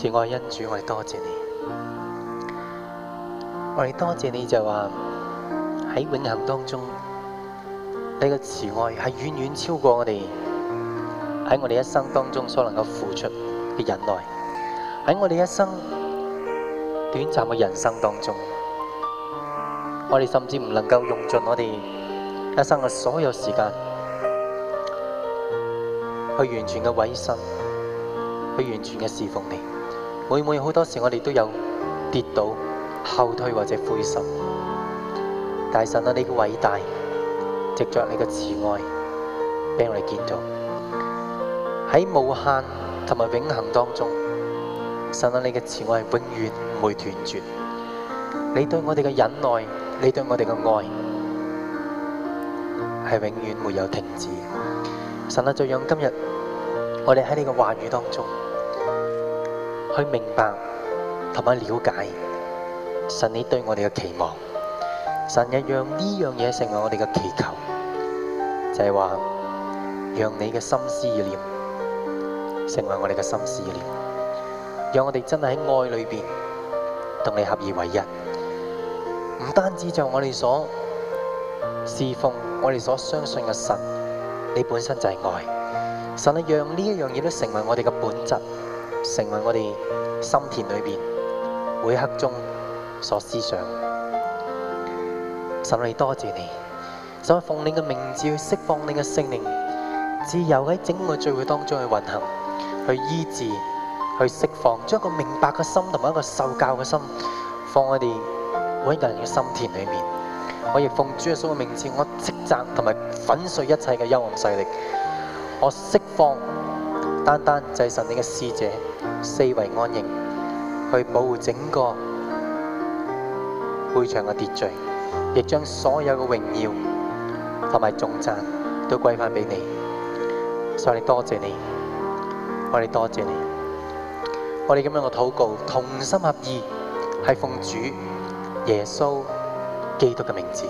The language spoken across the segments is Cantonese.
慈愛恩主，我哋多謝你。我哋多謝你就話喺永恒當中，你嘅慈愛係遠遠超過我哋喺我哋一生當中所能夠付出嘅忍耐。喺我哋一生短暫嘅人生當中，我哋甚至唔能夠用盡我哋一生嘅所有時間去完全嘅委身，去完全嘅侍奉你。每每好多時，我哋都有跌倒、後退或者灰心。但係神啊，你嘅偉大，藉著你嘅慈愛，俾我哋見到。喺無限同埋永恆當中，神啊，你嘅慈愛永遠唔會斷絕。你對我哋嘅忍耐，你對我哋嘅愛，係永遠沒有停止。神啊，就讓今日我哋喺你嘅話語當中去明白同埋了解神，你對我哋嘅期望，神亦讓呢樣嘢成為我哋嘅祈求，就係話，讓你嘅心思念成為我哋嘅心思念，讓我哋真係喺愛裏邊同你合而為一。唔單止就我哋所侍奉，我哋所相信嘅神，你本身就係愛，神亦讓呢一樣嘢都成為我哋嘅本質。成為我哋心田裏邊每刻中所思想，神，我多謝你，所以我奉你嘅名字去釋放你嘅聖靈，自由喺整個聚會當中去運行，去醫治，去釋放，將一個明白嘅心同埋一個受教嘅心，放我哋每一個人嘅心田裏面，我亦奉主耶穌嘅名字，我斥責同埋粉碎一切嘅幽暗勢力，我釋放。單單祭神，你嘅使者四圍安營，去保護整個會場嘅秩序，亦將所有嘅榮耀同埋頌讚都歸翻俾你。所以多謝你，我哋多謝你，我哋噉樣嘅禱告同心合意，係奉主耶穌基督嘅名字。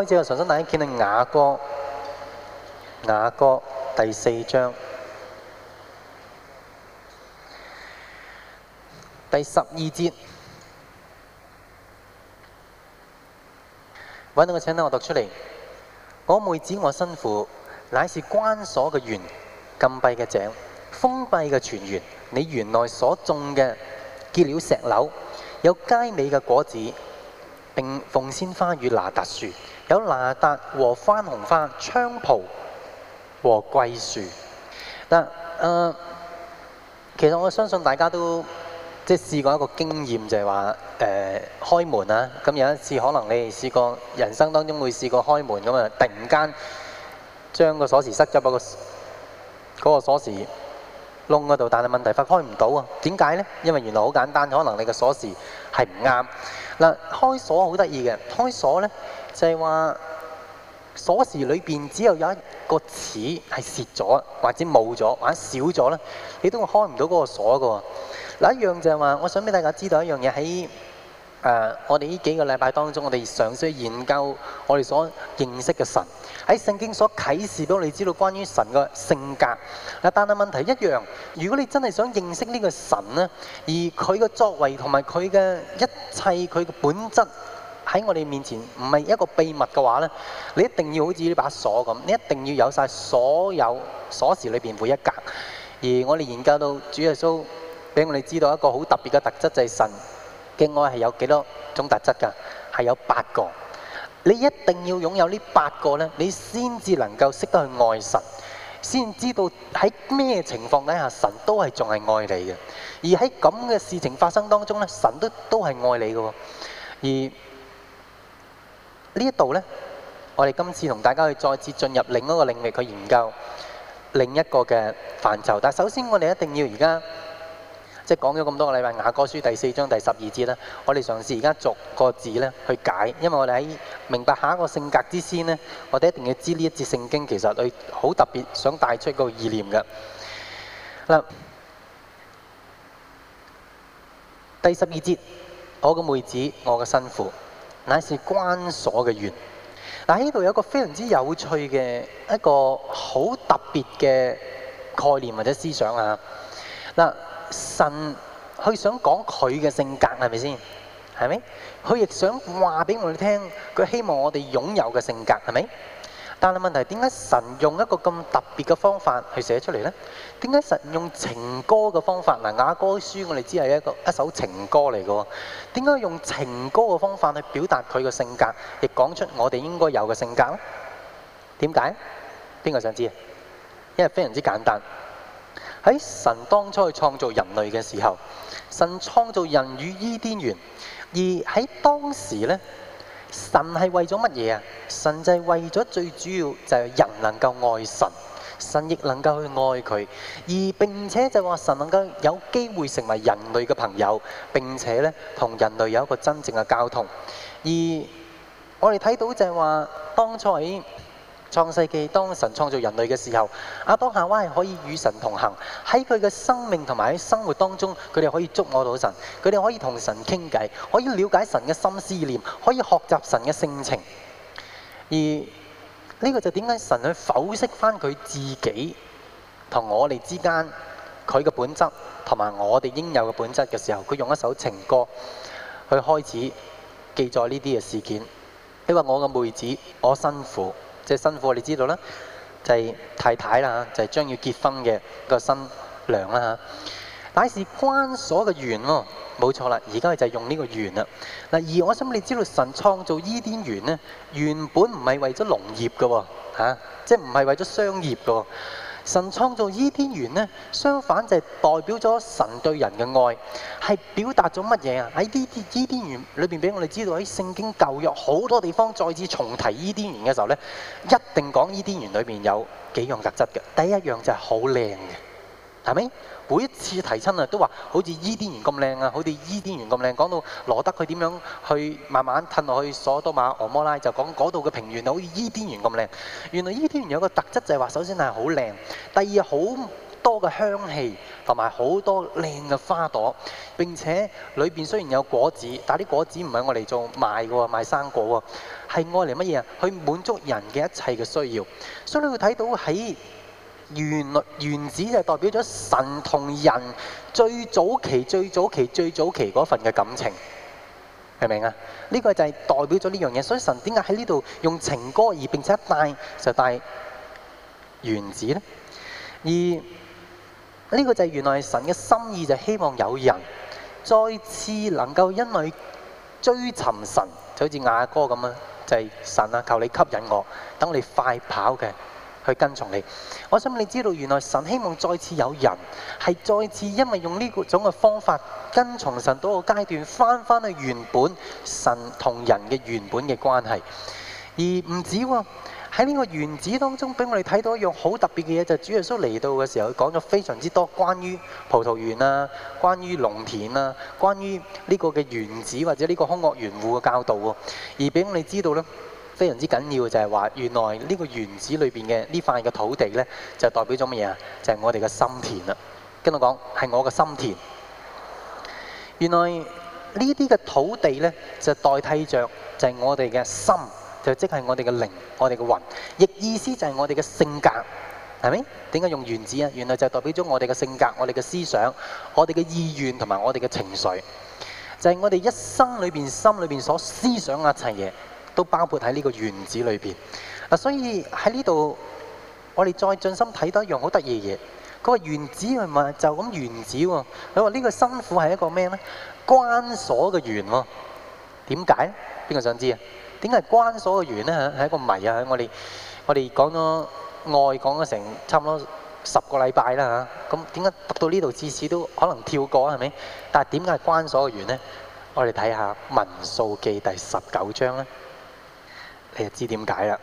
開始啦！首先，大家見到雅歌，雅歌第四章第十二節，揾到個請啦，我讀出嚟。我妹子，我新婦，乃是關鎖嘅園，禁閉嘅井，封閉嘅泉源。你園內所種嘅結了石榴，有佳美嘅果子，並鳳仙花與哪噠樹。有拿達和番紅花、菖蒲和桂樹。嗱、呃，其實我相信大家都即係試過一個經驗，就係話誒開門啊。咁有一次，可能你試過人生當中會試過開門咁啊，突然間將個鎖匙塞咗入個嗰個鎖匙窿嗰度，但係問題發開唔到啊，點解呢？因為原來好簡單，可能你個鎖匙係唔啱。嗱、呃，開鎖好得意嘅，開鎖呢。就係話鎖匙裏邊只有有一個齒係蝕咗，或者冇咗，或者少咗咧，你都會開唔到嗰個鎖噶。嗱、一樣就係話，我想俾大家知道一樣嘢喺誒我哋呢幾個禮拜當中，我哋嘗試研究我哋所認識嘅神喺聖經所啟示到，你知道關於神嘅性格。嗱但係問題一樣，如果你真係想認識呢個神呢，而佢嘅作為同埋佢嘅一切佢嘅本質，喺我哋面前唔係一個秘密嘅話呢，你一定要好似呢把鎖咁，你一定要有晒所有鎖匙裏邊每一格。而我哋研究到主耶穌俾我哋知道一個好特別嘅特質，就係神嘅愛係有幾多種特質㗎？係有八個。你一定要擁有呢八個呢，你先至能夠識得去愛神，先知道喺咩情況底下神都係仲係愛你嘅。而喺咁嘅事情發生當中呢，神都都係愛你嘅。而呢一度咧，我哋今次同大家去再次進入另一個領域去研究另一個嘅範疇。但係首先，我哋一定要而家即係講咗咁多個禮拜《雅歌》書第四章第十二節啦。我哋嘗試而家逐個字咧去解，因為我哋喺明白下一個性格之先咧，我哋一定要知呢一節聖經其實佢好特別，想帶出一個意念嘅。嗱，第十二節，我個妹子，我嘅新婦。乃是關鎖嘅緣。嗱，呢度有個非常之有趣嘅一個好特別嘅概念或者思想啊。嗱，神佢想講佢嘅性格係咪先？係咪？佢亦想話俾我哋聽，佢希望我哋擁有嘅性格係咪？是但係問題，點解神用一個咁特別嘅方法去寫出嚟呢？點解神用情歌嘅方法？嗱，雅歌書我哋只係一個一首情歌嚟嘅，點解用情歌嘅方法去表達佢嘅性格，亦講出我哋應該有嘅性格呢？點解？邊個想知啊？因為非常之簡單，喺神當初去創造人類嘅時候，神創造人與伊甸園，而喺當時呢。神係為咗乜嘢啊？神就係為咗最主要就係、是、人能夠愛神，神亦能夠去愛佢，而並且就話神能夠有機會成為人類嘅朋友，並且呢同人類有一個真正嘅交通。而我哋睇到就係話當初喺。創世記，當神創造人類嘅時候，阿當夏娃係可以與神同行，喺佢嘅生命同埋喺生活當中，佢哋可以觸摸到神，佢哋可以同神傾偈，可以瞭解神嘅心思念，可以學習神嘅性情。而呢、這個就點解神去剖析返佢自己同我哋之間，佢嘅本質同埋我哋應有嘅本質嘅時候，佢用一首情歌去開始記載呢啲嘅事件。因為我嘅妹子，我辛苦。即係新婦，你知道啦，就係太太啦吓，就係將要結婚嘅個新娘啦吓，乃是關鎖嘅園喎，冇錯啦，而家係就用呢個園啦。嗱，而我心，你知道神創造伊甸園呢，原本唔係為咗農業嘅喎，即係唔係為咗商業嘅。神創造伊甸園咧，相反就係代表咗神對人嘅愛，係表達咗乜嘢啊？喺呢啲伊甸園裏邊俾我哋知道，喺聖經舊約好多地方再次重提伊甸園嘅時候呢，一定講伊甸園裏面有幾樣特質嘅。第一樣就係好靚嘅，係咪？每一次提親啊，都話好似伊甸園咁靚啊，好似伊甸園咁靚。講到羅得佢點樣去慢慢褪落去索多瑪俄摩拉，就講嗰度嘅平原好似伊甸園咁靚。原來伊甸園有個特質就係話，首先係好靚，第二好多嘅香氣同埋好多靚嘅花朵。並且裏邊雖然有果子，但啲果子唔係我哋做賣嘅喎，賣生果喎，係愛嚟乜嘢啊？去滿足人嘅一切嘅需要。所以你會睇到喺。原原子就代表咗神同人最早期、最早期、最早期嗰份嘅感情，明唔明啊？呢個就係代表咗呢樣嘢，所以神點解喺呢度用情歌，而並且帶就帶原子咧？而呢個就係原來神嘅心意，就是、希望有人再次能夠因為追尋神，就好似雅歌咁啊，就係、是、神啊，求你吸引我，等我哋快跑嘅。去跟從你。我想你知道，原來神希望再次有人係再次，因為用呢種嘅方法跟從神到個階段，返返去原本神同人嘅原本嘅關係。而唔止喎，喺呢個園子當中，俾我哋睇到一樣好特別嘅嘢，就係主耶穌嚟到嘅時候講咗非常之多關於葡萄園啊、關於農田啊、關於呢個嘅園子或者呢個凶惡園戶嘅教導喎。而俾我哋知道呢。非常之緊要，就係話原來呢個原子裏邊嘅呢塊嘅土地呢，就代表咗乜嘢啊？就係我哋嘅心田啦。跟我講，係我嘅心田。原來呢啲嘅土地呢，就代替着，就係我哋嘅心，就即係我哋嘅靈，我哋嘅魂，亦意思就係我哋嘅性格，係咪？點解用原子啊？原來就代表咗我哋嘅性格、我哋嘅思想、我哋嘅意願同埋我哋嘅情緒，就係我哋一生裏邊、心裏邊所思想嘅一切嘢。都包括喺呢個園子裏邊嗱，所以喺呢度我哋再盡心睇多一樣好得意嘅嘢。佢話園子係咪就咁園子喎？佢話呢個新婦係一個咩咧？關鎖嘅園喎？點解？邊個想知啊？點解關鎖嘅園咧？嚇係一個謎啊！我哋我哋講咗愛，講咗成差唔多十個禮拜啦嚇，咁點解讀到呢度至此都可能跳過係咪？但係點解關鎖嘅園咧？我哋睇下《民數記》第十九章啦。你就知點解啦。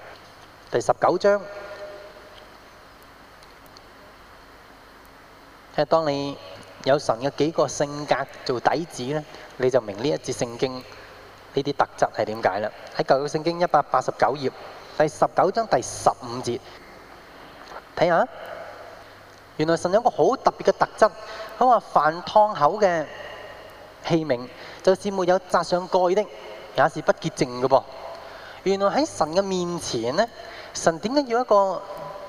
第十九章，係當你有神嘅幾個性格做底子咧，你就明呢一節聖經呢啲特質係點解啦。喺舊約聖經一百八十九頁第十九章第十五節，睇下，原來神有個好特別嘅特質，佢話凡敞口嘅器皿，就是沒有紮上蓋的，也是不潔淨嘅噃。原來喺神嘅面前呢，神點解要一個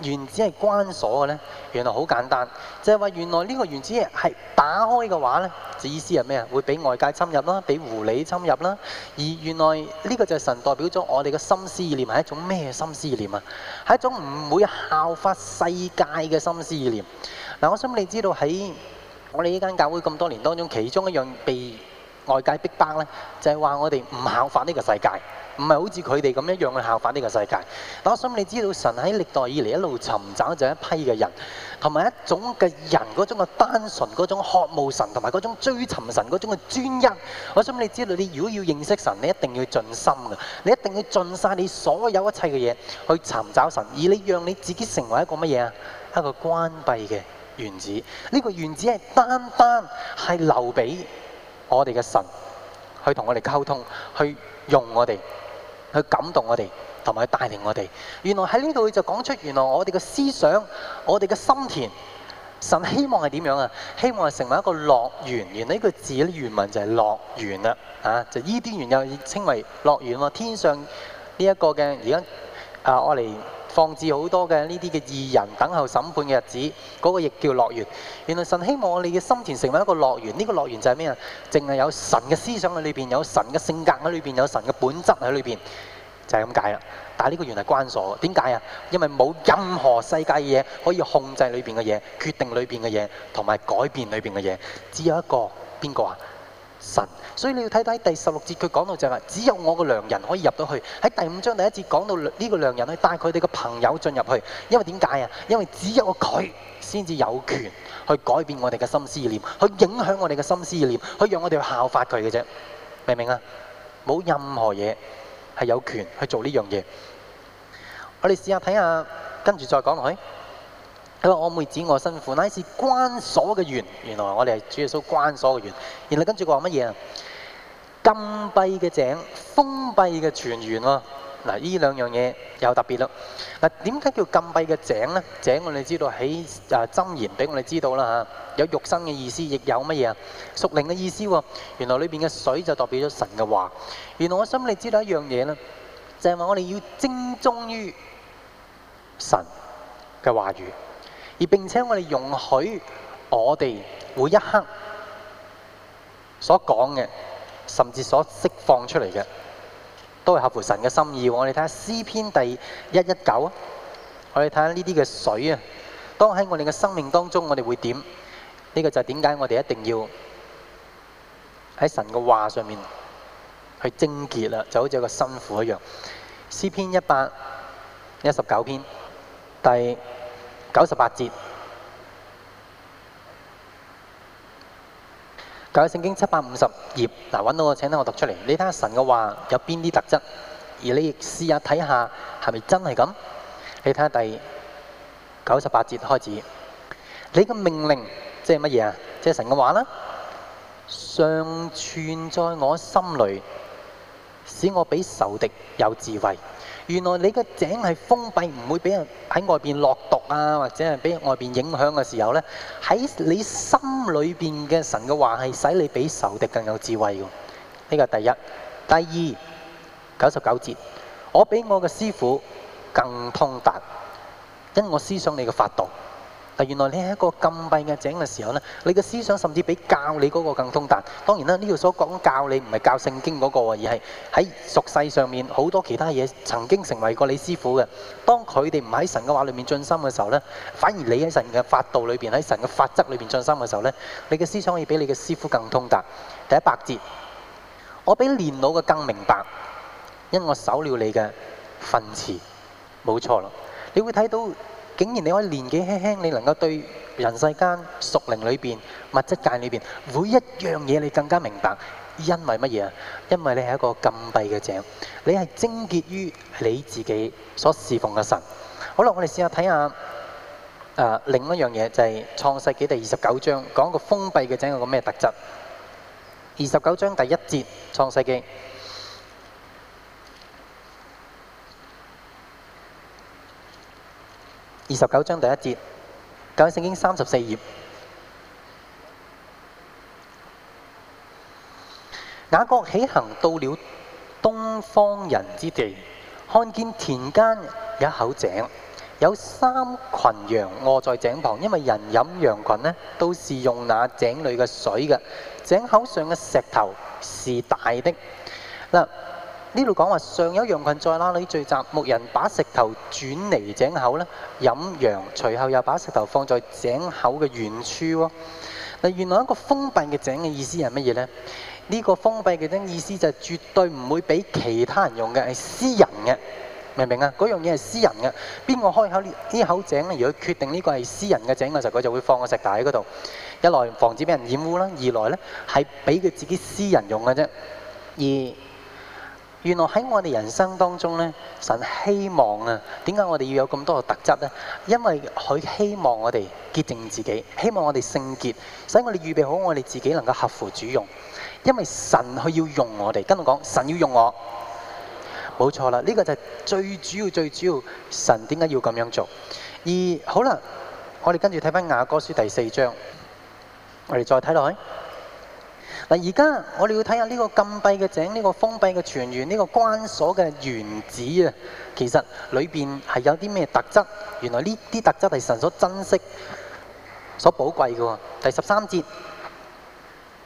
原子係關鎖嘅呢？原來好簡單，就係話原來呢個原子係打開嘅話呢就意思係咩啊？會俾外界侵入啦，俾狐狸侵入啦。而原來呢個就係神代表咗我哋嘅心思意念，係一種咩心思意念啊？係一種唔會效法世界嘅心思意念。嗱，我想你知道喺我哋呢間教會咁多年當中，其中一樣被外界逼迫呢，就係話我哋唔效法呢個世界。唔係好似佢哋咁一樣去效法呢個世界。但我想你知道，神喺歷代以嚟一路尋找就係一批嘅人，同埋一種嘅人嗰種嘅單純，嗰種渴慕神，同埋嗰種追尋神嗰種嘅專一。我想你知道，你如果要認識神，你一定要盡心㗎，你一定要盡晒你所有一切嘅嘢去尋找神，而你讓你自己成為一個乜嘢啊？一個關閉嘅園子。呢個園子係單單係留俾我哋嘅神去同我哋溝通，去用我哋。去感動我哋，同埋去帶領我哋。原來喺呢度就講出，原來我哋嘅思想，我哋嘅心田，神希望係點樣啊？希望係成為一個樂園。原來呢個字嘅原文就係樂園啦。啊，就伊甸園又稱為樂園喎。天上呢一個嘅而家啊，我哋。呃放置好多嘅呢啲嘅義人等候審判嘅日子，嗰個亦叫樂園。原來神希望我哋嘅心田成為一個樂園。呢個樂園就係咩啊？淨係有神嘅思想喺裏邊，有神嘅性格喺裏邊，有神嘅本質喺裏邊，就係咁解啦。但係呢個原來關鎖，點解啊？因為冇任何世界嘅嘢可以控制裏邊嘅嘢，決定裏邊嘅嘢，同埋改變裏邊嘅嘢，只有一個邊個啊？神，所以你要睇睇第十六節，佢講到就係話，只有我個良人可以入到去。喺第五章第一節講到呢個良人去帶佢哋個朋友進入去，因為點解啊？因為只有佢先至有權去改變我哋嘅心思念，去影響我哋嘅心思念，去讓我哋去效法佢嘅啫。明唔明啊？冇任何嘢係有權去做呢樣嘢。我哋試下睇下，跟住再講落去。佢話：我妹子，我新婦，乃是關鎖嘅園。原來我哋係主耶穌關鎖嘅園。原來跟住佢話乜嘢啊？禁閉嘅井，封閉嘅泉源喎。嗱，呢兩樣嘢有特別咯。嗱，點解叫禁閉嘅井呢？井我哋知道喺啊箴言俾我哋知道啦嚇，有肉身嘅意思，亦有乜嘢啊？屬靈嘅意思喎。原來裏邊嘅水就代表咗神嘅話。原來我心裏知道一樣嘢呢，就係話我哋要精忠於神嘅話語。而並且我哋容許我哋每一刻所講嘅，甚至所釋放出嚟嘅，都係合乎神嘅心意。我哋睇下詩篇第一一九，我哋睇下呢啲嘅水啊，當喺我哋嘅生命當中，我哋會點？呢個就係點解我哋一定要喺神嘅話上面去潔淨啦，就好似個辛苦一樣。詩篇一百一十九篇第九十八節，舊約聖經七百五十頁，嗱搵到我，請等我讀出嚟。你睇下神嘅話有邊啲特質，而你試下睇下係咪真係咁？你睇下第九十八節開始，你嘅命令即係乜嘢啊？即係神嘅話啦，常存在我心裏，使我比仇敵有智慧。原來你個井係封閉，唔會俾人喺外邊落毒啊，或者係俾外邊影響嘅時候呢，喺你心裏邊嘅神嘅話係使你比仇敵更有智慧嘅。呢個第一，第二九十九節，我比我嘅師傅更通達，因我思想你嘅法度。原來你喺一個禁閉嘅井嘅時候呢，你嘅思想甚至比教你嗰個更通達，當然啦，呢度所講教你唔係教聖經嗰個，而係喺俗世上面好多其他嘢曾經成為過你師傅嘅，當佢哋唔喺神嘅話裡面盡心嘅時候呢，反而你喺神嘅法道裡面，喺神嘅法則裡面盡心嘅時候呢，你嘅思想可以比你嘅師傅更通達，第一百節。竟然你可以年紀輕輕，你能夠對人世間、屬靈裏邊、物質界裏邊，每一樣嘢你更加明白，因為乜嘢啊？因為你係一個禁閉嘅井，你係貞潔於你自己所侍奉嘅神。好啦，我哋試下睇下，誒另一樣嘢就係創世紀第二十九章講一個封閉嘅井有個咩特質？二十九章第一節創世紀。二十九章第一節，舊約聖經三十四頁。雅各起行到了東方人之地，看見田間有一口井，有三群羊臥在井旁。因為人飲羊群呢，都是用那井裏嘅水嘅。井口上嘅石頭是大的。嗱。呢度講話上有羊群在那裏聚集，牧人把石頭轉嚟井口咧飲羊，隨後又把石頭放在井口嘅原處。嗱，原來一個封閉嘅井嘅意思係乜嘢呢？呢、呢個封閉嘅井意思就係絕對唔會俾其他人用嘅，係私人嘅，明唔明啊？嗰樣嘢係私人嘅，邊個開口呢口井咧，如果決定呢個係私人嘅井嘅時候，佢就會放個石頭喺嗰度，一來防止俾人掩污啦，二來呢係俾佢自己私人用嘅啫，而。原來喺我哋人生當中呢，神希望啊，點解我哋要有咁多嘅特質呢？因為佢希望我哋潔淨自己，希望我哋聖潔，使我哋預備好我哋自己能夠合乎主用。因為神佢要用我哋，跟我講，神要用我，冇錯啦。呢個就係最主要、最主要，神點解要咁樣做？而好啦，我哋跟住睇返雅歌書第四章，我哋再睇落去。但而家我哋要睇下呢個禁閉嘅井，呢個封閉嘅泉源，呢個關鎖嘅原子啊，其實裏邊係有啲咩特質？原來呢啲特質係神所珍惜、所寶貴嘅。第十三節，《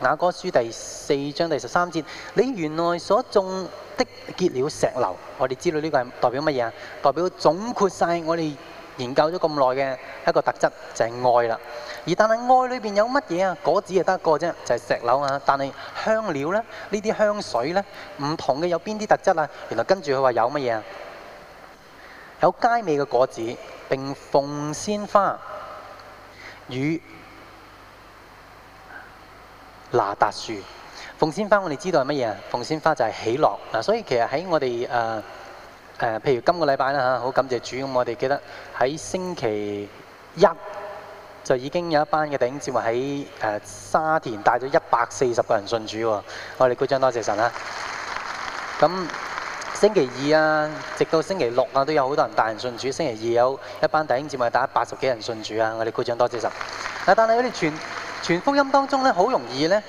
雅歌書》第四章第十三節，你園內所種的結了石榴，我哋知道呢個係代表乜嘢啊？代表總括晒我哋。研究咗咁耐嘅一個特質就係、是、愛啦，而但係愛裏邊有乜嘢啊？果子就得一個啫，就係、是、石榴啊。但係香料咧，呢啲香水咧，唔同嘅有邊啲特質啊？原來跟住佢話有乜嘢啊？有佳美嘅果子，並鳳仙花與拿達樹。鳳仙花我哋知道係乜嘢啊？鳳仙花就係喜樂嗱，所以其實喺我哋誒。呃誒、呃，譬如今個禮拜啦嚇，好、啊、感謝主。咁我哋記得喺星期一就已經有一班嘅弟兄姊妹喺誒沙田帶咗一百四十個人信主喎。我哋鼓掌多謝神啊！咁星期二啊，直到星期六啊，都有好多人帶人信主。星期二有一班弟兄姊妹帶八十幾人信主啊！我哋鼓掌多謝神。但係我哋傳傳福音當中咧，好容易咧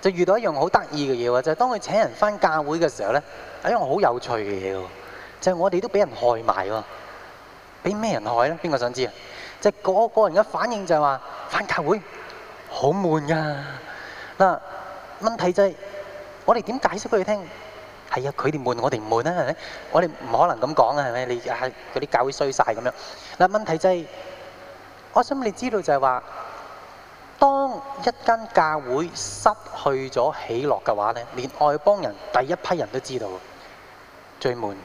就遇到一樣好得意嘅嘢喎，就係、是、當佢請人返教會嘅時候咧，係一樣好有趣嘅嘢喎。就係我哋都俾人害埋喎，俾咩人害咧？邊個想知啊？即係個個人嘅反應就係話，返教會好悶㗎。嗱，問題就係我哋點解釋俾佢聽？係啊，佢哋悶，我哋唔悶啦，係咪？我哋唔可能咁講啊，係咪？你係嗰啲教會衰晒咁樣。嗱，問題就係，我想你知道就係話，當一間教會失去咗喜樂嘅話咧，連外邦人第一批人都知道最悶。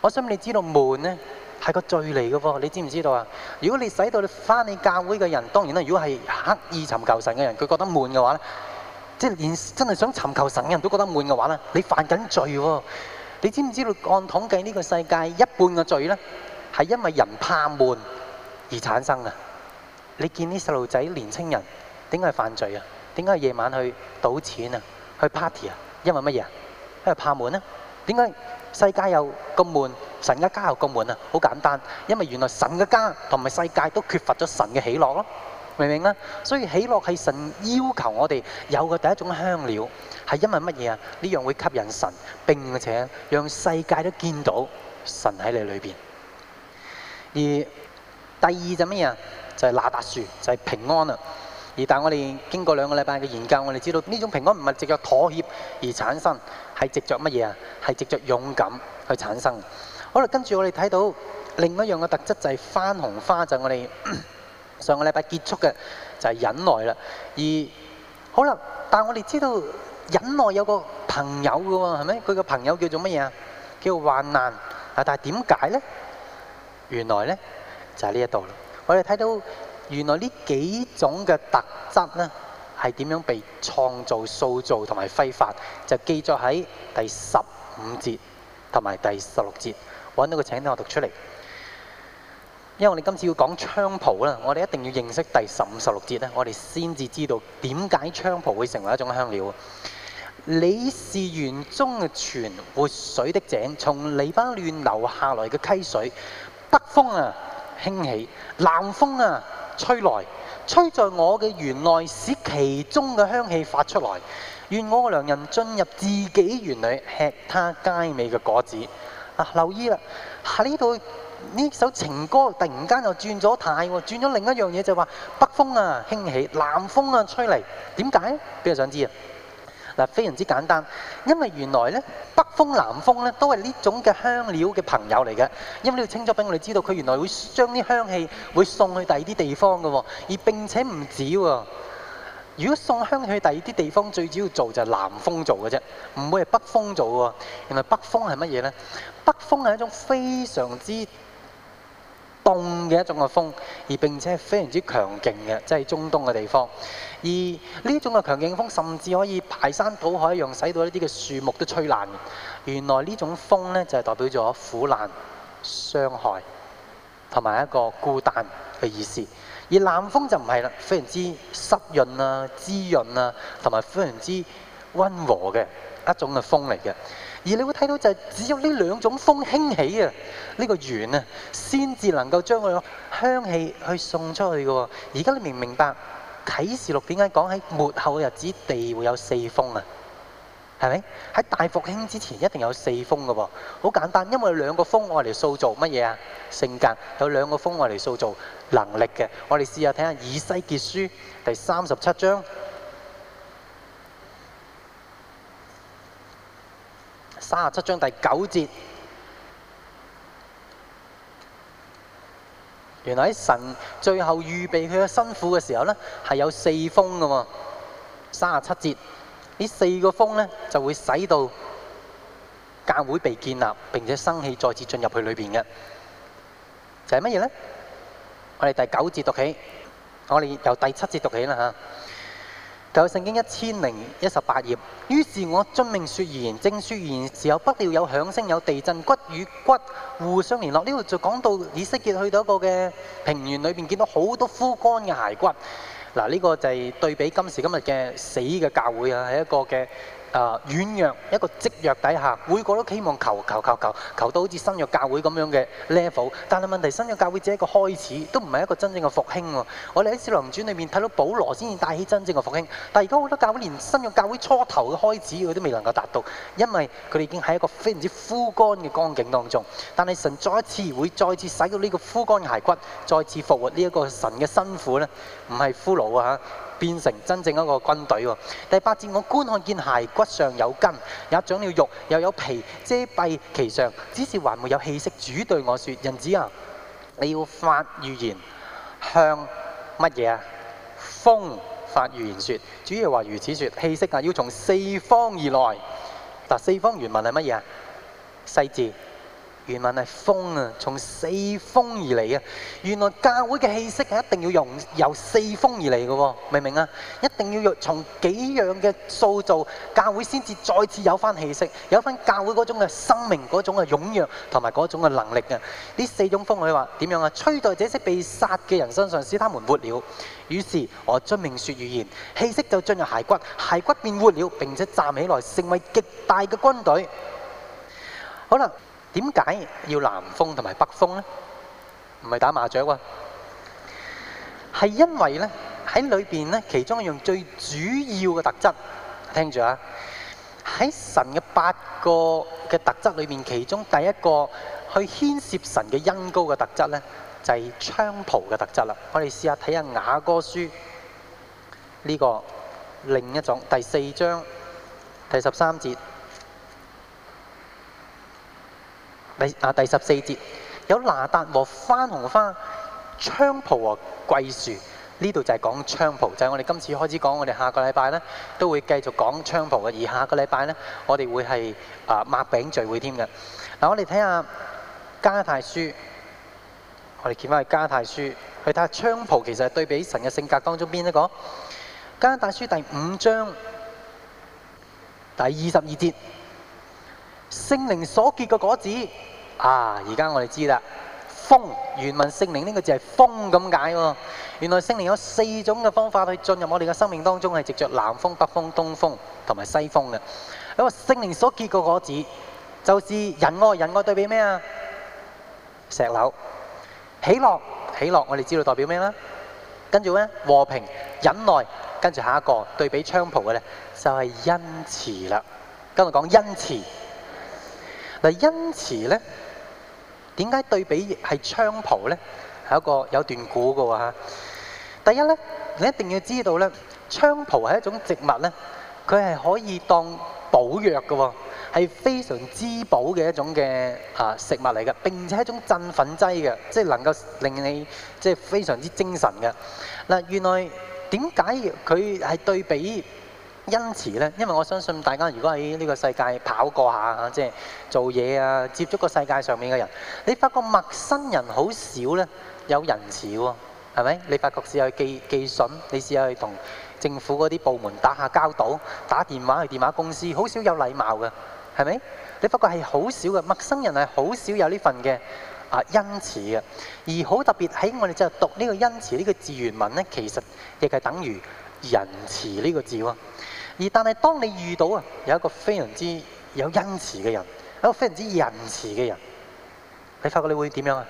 我想你知道悶咧係個罪嚟㗎喎，你知唔知道啊？如果你使到你返你教會嘅人，當然啦，如果係刻意尋求神嘅人，佢覺得悶嘅話咧，即係連真係想尋求神嘅人都覺得悶嘅話咧，你犯緊罪喎！你知唔知道按統計呢個世界一半嘅罪咧，係因為人怕悶而產生嘅。你見啲細路仔、年青人點解係犯罪啊？點解係夜晚去賭錢啊？去 party 啊？因為乜嘢啊？因為怕悶啊！點解世界又咁悶？神嘅家又咁悶啊？好簡單，因為原來神嘅家同埋世界都缺乏咗神嘅喜樂咯，明唔明啊？所以喜樂係神要求我哋有嘅第一種香料，係因為乜嘢啊？呢樣會吸引神，並且讓世界都見到神喺你裏邊。而第二就係乜嘢啊？就係那達樹，就係平安啦。而但係我哋經過兩個禮拜嘅研究，我哋知道呢種平安唔係只有妥協而產生。係藉著乜嘢啊？係藉著勇敢去產生。好啦，跟住我哋睇到另一樣嘅特質就係番紅花，就我哋上個禮拜結束嘅就係忍耐啦。而好啦，但係我哋知道忍耐有個朋友㗎喎，係咪？佢個朋友叫做乜嘢啊？叫患難。啊，但係點解咧？原來咧就係呢一度啦。我哋睇到原來呢幾種嘅特質咧。係點樣被創造、塑造同埋揮發？就記載喺第十五節同埋第十六節。揾到個，請聽我讀出嚟。因為我哋今次要講菖蒲啦，我哋一定要認識第十五、十六節呢，我哋先至知道點解菖蒲會成為一種香料。你是園中的泉，活水的井，從泥巴亂流下來嘅溪水，北風啊興起，南風啊吹來。吹在我嘅園內，使其中嘅香氣發出來。願我嘅良人進入自己園裏，吃他佳美嘅果子。啊，留意啦！喺呢度呢首情歌突然間又轉咗態，轉咗另一樣嘢就話北風啊興起，南風啊吹嚟。點解？邊個想知啊？嗱，非常之簡單，因為原來呢北風南風呢都係呢種嘅香料嘅朋友嚟嘅，因為呢度清楚俾我哋知道佢原來會將啲香氣會送去第二啲地方嘅喎，而並且唔止喎。如果送香氣去第二啲地方，最主要做就係南風做嘅啫，唔會係北風做喎。原來北風係乜嘢呢？北風係一種非常之凍嘅一種嘅風，而並且非常之強勁嘅，即係中東嘅地方。而呢種嘅強勁風，甚至可以排山倒海一樣，一讓使到呢啲嘅樹木都吹爛。原來呢種風呢，就係代表咗苦難、傷害同埋一個孤單嘅意思。而南風就唔係啦，非常之濕潤啊、滋潤啊，同埋非常之溫和嘅一種嘅風嚟嘅。而你會睇到就係只有呢兩種風興起啊，呢個圓啊，先至能夠將佢香氣去送出去嘅。而家你明唔明白啟示錄點解講喺末後嘅日子地會有四風啊？係咪喺大復興之前一定有四風嘅喎？好簡單，因為兩個風我嚟塑造乜嘢啊？性格有兩個風我嚟塑造能力嘅。我哋試下睇下以西結書第三十七章。三十七章第九節，原來喺神最後預備佢嘅辛苦嘅時候呢，係有四風嘅。三十七節，呢四個風呢，就會使到教會被建立，並且生氣再次進入去裏邊嘅，就係乜嘢呢？我哋第九節讀起，我哋由第七節讀起啦吓。有《聖經》一千零一十八頁，於是我遵命説而言，正説而言時候不料有響聲，有地震，骨與骨互相聯絡。呢度就講到以色列去到一個嘅平原裏面，見到好多枯乾嘅骸骨。嗱，呢個就係對比今時今日嘅死嘅教會啊，係一個嘅。啊、呃，軟弱一個積弱底下，每個都希望求求求求求到好似新約教會咁樣嘅 level，但係問題新約教會只係一個開始，都唔係一個真正嘅復興喎、啊。我哋喺《小林傳》裏面睇到保羅先至帶起真正嘅復興，但係而家好多教會連新約教會初頭嘅開始佢都未能夠達到，因為佢哋已經喺一個非常之枯乾嘅光景當中。但係神再一次會再次使到呢個枯乾嘅骸骨再次復活，呢一個神嘅辛苦呢，唔係枯老啊！變成真正一個軍隊喎。第八節，我觀看見骸骨上有筋，也長了肉，又有，有皮遮蔽其上，只是還沒有氣息。主對我説：人子啊，你要發預言向乜嘢啊？風發預言説：主要話如此説，氣息啊要從四方而來。嗱，四方原文係乜嘢啊？細節。原文係風啊，從四風而嚟啊。原來教會嘅氣息係一定要由由四風而嚟嘅，明唔明啊？一定要從幾樣嘅塑造，教會先至再次有翻氣息，有翻教會嗰種嘅生命，嗰種嘅踴躍同埋嗰種嘅能力啊！呢四種風，佢話點樣啊？吹到這些被殺嘅人身上，使他們活了。於是，我遵命説預言，氣息就進入骸骨，骸骨變活了，並且站起來，成為極大嘅軍隊。好啦。點解要南風同埋北風咧唔係打麻雀啊，係因為咧喺裏邊咧，其中一樣最主要嘅特質，聽住啊！喺神嘅八個嘅特質裏邊，其中第一個去牽涉神嘅恩高嘅特質咧，就係菖蒲嘅特質啦。我哋試下睇下雅歌書呢個另一種第四章第十三節。第啊第十四節，有拿達和番紅花、菖蒲和桂樹，呢度就係講菖蒲，就係、是、我哋今次開始講，我哋下個禮拜咧都會繼續講菖蒲嘅，而下個禮拜咧我哋會係啊擘餅聚會添嘅。嗱、啊，我哋睇下加太書，我哋見翻去加太書去睇下菖蒲，其實係對比神嘅性格當中邊一個？加太書第五章第二十二節。聖靈所結嘅果子啊！而家我哋知啦，風原文聖靈呢個字係風咁解喎。原來聖靈有四種嘅方法去進入我哋嘅生命當中，係藉着南風、北風、東風同埋西風嘅。咁啊，聖靈所結嘅果子，就是仁愛。仁愛對比咩啊？石榴。喜樂，喜樂，我哋知道代表咩啦？跟住咧？和平。忍耐，跟住下一個對比菖蒲嘅咧，就係恩慈啦。今日講恩慈。嗱，因此咧，點解對比係菖蒲咧？係一個有一段故嘅喎。第一咧，你一定要知道咧，菖蒲係一種植物咧，佢係可以當補藥嘅喎，係非常滋補嘅一種嘅嚇食物嚟嘅，並且係一種振奮劑嘅，即係能夠令你即係非常之精神嘅。嗱，原來點解佢係對比？因此呢，因為我相信大家如果喺呢個世界跑過下，即係做嘢啊，接觸個世界上面嘅人，你發覺陌生人好少呢有仁慈喎，係咪？你發覺試下去寄寄信，你試下去同政府嗰啲部門打下交道，打電話去電話公司，好少有禮貌嘅，係咪？你發覺係好少嘅，陌生人係好少有呢份嘅啊，恩慈嘅。而好特別喺、哎、我哋就讀呢、呢個恩慈呢個字原文呢，其實亦係等於仁慈呢個字喎。而但係，當你遇到啊，有一個非常之有恩慈嘅人，一個非常之仁慈嘅人，你發覺你會點樣啊？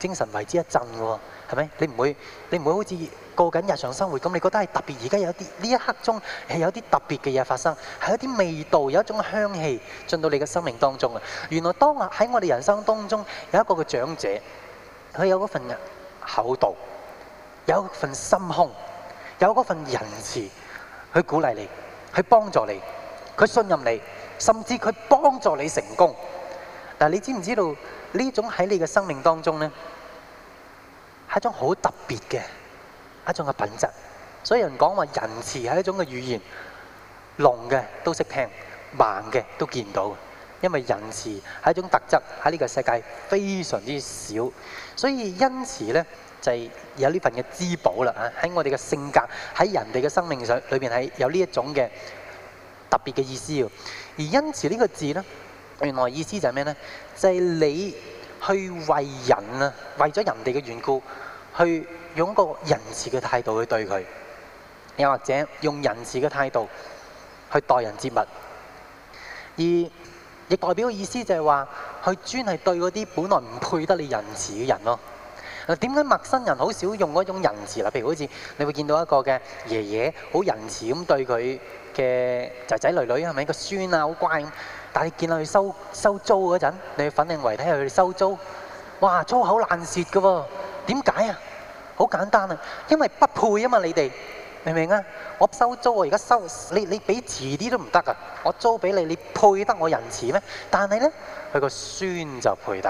精神為之一振喎，係咪？你唔會，你唔會好似過緊日常生活咁，你覺得係特別。而家有啲呢一刻中係有啲特別嘅嘢發生，係一啲味道，有一種香氣進到你嘅生命當中啊！原來當我喺我哋人生當中有一個嘅長者，佢有嗰份厚道，有份心胸，有嗰份仁慈，去鼓勵你。去幫助你，係有呢份嘅資寶啦，喺我哋嘅性格，喺人哋嘅生命上裏邊係有呢一種嘅特別嘅意思。而恩慈呢個字呢，原來意思就係咩呢？就係你去為人啊，為咗人哋嘅緣故，去用一個仁慈嘅態度去對佢，又或者用仁慈嘅態度去待人接物。而亦代表嘅意思就係話，佢專係對嗰啲本來唔配得你仁慈嘅人咯。嗱，點解陌生人好少用嗰種仁慈啦？譬如好似你會見到一個嘅爺爺好仁慈咁對佢嘅仔仔女女，係咪個孫啊好乖咁？但係見到佢收收租嗰陣，你反認為睇佢收租，哇粗口爛舌㗎喎，點解啊？好簡單啊，因為不配啊嘛，你哋。你明唔明啊？我收租我而家收你你俾遲啲都唔得啊！我租俾你，你配得我仁慈咩？但係咧，佢個孫就配得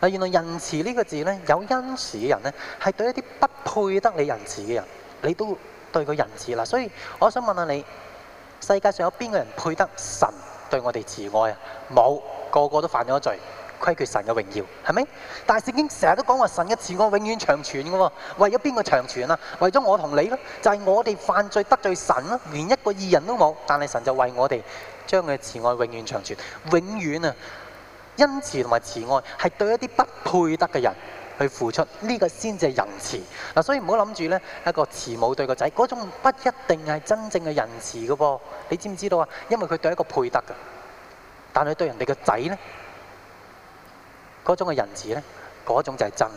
啊！原來仁慈呢個字咧，有恩慈嘅人咧，係對一啲不配得你仁慈嘅人，你都對佢仁慈啦。所以我想問下你，世界上有邊個人配得神對我哋慈愛啊？冇，個個都犯咗罪。規決神嘅榮耀係咪？但係聖經成日都講話神嘅慈愛永遠長存嘅喎，為咗邊個長存啊？為咗我同你咯，就係、是、我哋犯罪得罪神咯，連一個義人都冇，但係神就為我哋將佢嘅慈愛永遠長存，永遠啊。恩慈同埋慈愛係對一啲不配得嘅人去付出，呢、這個先至係仁慈嗱。所以唔好諗住呢，一個慈母對個仔嗰種不一定係真正嘅仁慈嘅噃，你知唔知道啊？因為佢對一個配得嘅，但係對人哋嘅仔呢。嗰種嘅仁慈咧，嗰種就係真。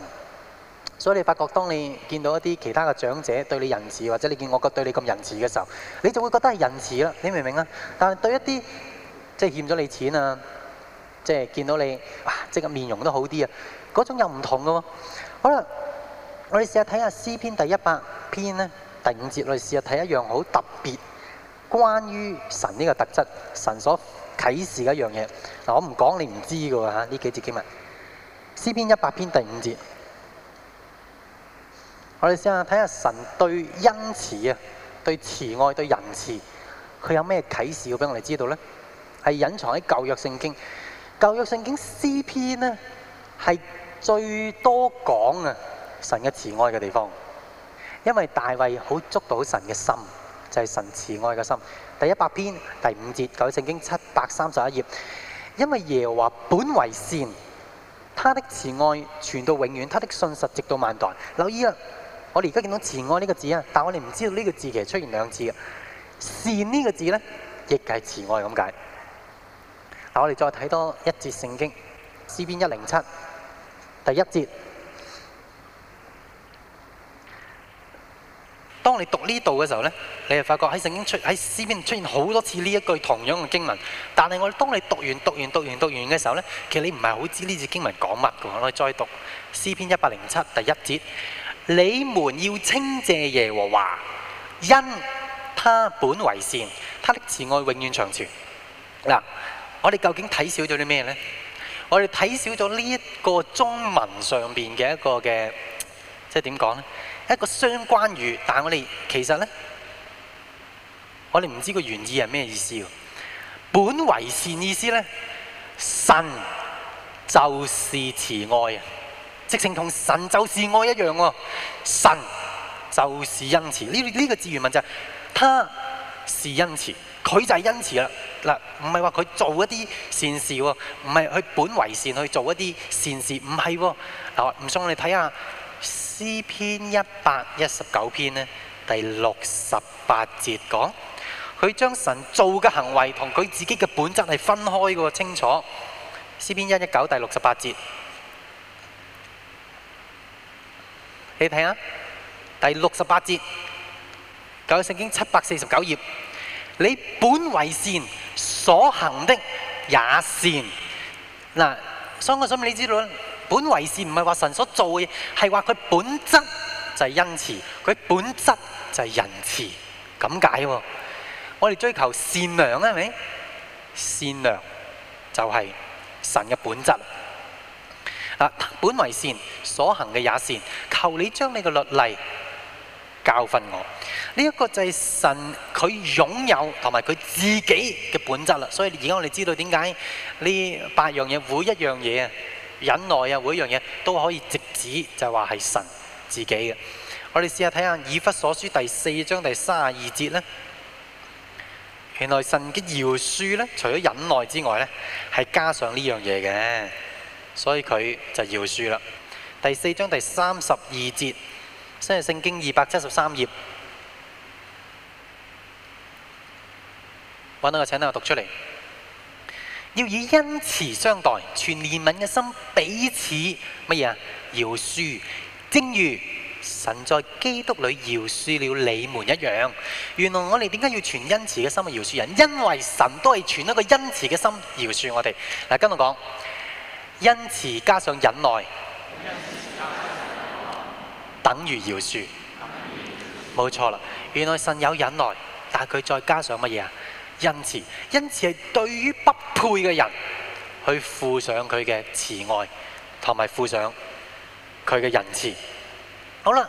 所以你發覺，當你見到一啲其他嘅長者對你仁慈，或者你見我個對你咁仁慈嘅時候，你就會覺得係仁慈啦。你明唔明啊？但係對一啲即係欠咗你錢啊，即係見到你即係面容都好啲啊，嗰種又唔同㗎喎。好啦，我哋試下睇下詩篇第一百篇咧第五節，我哋試下睇一樣好特別關於神呢個特質，神所啟示嘅一樣嘢。嗱，我唔講你唔知㗎喎嚇，呢幾節經文。詩篇一百篇第五節，我哋試下睇下神對恩慈啊、對慈愛、對仁慈，佢有咩啟示要俾我哋知道呢？係隱藏喺舊約聖經，舊約聖經詩篇呢，係最多講啊神嘅慈愛嘅地方，因為大衛好捉到神嘅心，就係、是、神慈愛嘅心。第一百篇第五節，舊約聖經七百三十一頁，因為耶和華本為善。他的慈愛傳到永遠，他的信實直到萬代。留意啊，我哋而家見到慈愛呢個字啊，但我哋唔知道呢個字其實出現兩次嘅善呢個字咧，亦係慈愛咁解。嗱，我哋再睇多一節聖經，詩篇一零七，第一節。當你讀呢度嘅時候呢，你就發覺喺聖經出喺詩篇出現好多次呢一句同樣嘅經文，但係我哋當你讀完讀完讀完讀完嘅時候呢，其實你唔係好知呢節經文講乜嘅。我哋再讀詩篇一百零七第一節， 你們要稱謝耶和華，因他本為善，他的慈愛永遠長存。嗱，我哋究竟睇少咗啲咩呢？我哋睇少咗呢一個中文上邊嘅一個嘅，即係點講呢？一個相關語，但係我哋其實咧，我哋唔知個原意係咩意思喎？本為善意思咧，神就是慈愛啊，直情同神就是愛一樣喎。神就是恩慈，呢、這、呢、個這個字原文就係、是、他是恩慈，佢就係恩慈啦。嗱，唔係話佢做一啲善事喎，唔係去本為善去做一啲善事，唔係喎。嗱，唔信我哋睇下。詩篇一百一十九篇呢第六十八節講，佢將神做嘅行為同佢自己嘅本質係分開嘅，清楚。詩篇一一九第六十八節，你睇下第六十八節，九聖經七百四十九頁，你本為善，所行的也善。嗱，所以我想你知道，本為善唔係話神所做嘅嘢，係話佢本質，就係恩慈，佢本質就係仁慈，咁解。我哋追求善良啊，係咪善良就係神嘅本質。本為善，所行嘅也善，求你將你嘅律例教訓我。呢一個就係神佢擁有同埋佢自己嘅本質啦。所以而家我哋知道點解呢八樣嘢每一樣嘢啊。忍耐啊，每樣嘢都可以直指，就係話係神自己嘅。我哋試下睇下《以弗所書》第四章第三十二節呢。原來神嘅饒恕呢，除咗忍耐之外呢，係加上呢樣嘢嘅，所以佢就饒恕啦。第四章第三十二節，新約聖經二百七十三頁，揾到個，請等，我讀出嚟。要以恩慈相待，存憐憫嘅心彼此乜嘢啊？饒恕，正如神在基督裏饒恕了你們一樣。原來我哋點解要存恩慈嘅心饒恕人？因為神都係存一個恩慈嘅心饒恕我哋。嗱，跟住講，恩慈加上忍耐，等於饒恕。冇錯啦。原來神有忍耐，但係佢再加上乜嘢啊？恩慈，恩慈係對於不配嘅人，去附上佢嘅慈愛，同埋附上佢嘅仁慈。好啦，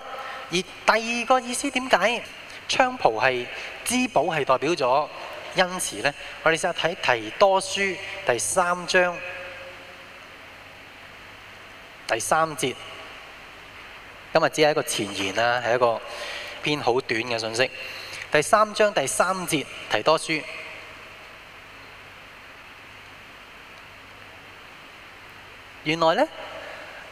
而第二個意思點解菖蒲係資寶係代表咗恩慈呢？我哋試下睇提多書第三章第三節，今日只係一個前言啦，係一個篇好短嘅信息。第三章第三節提多書，原來呢，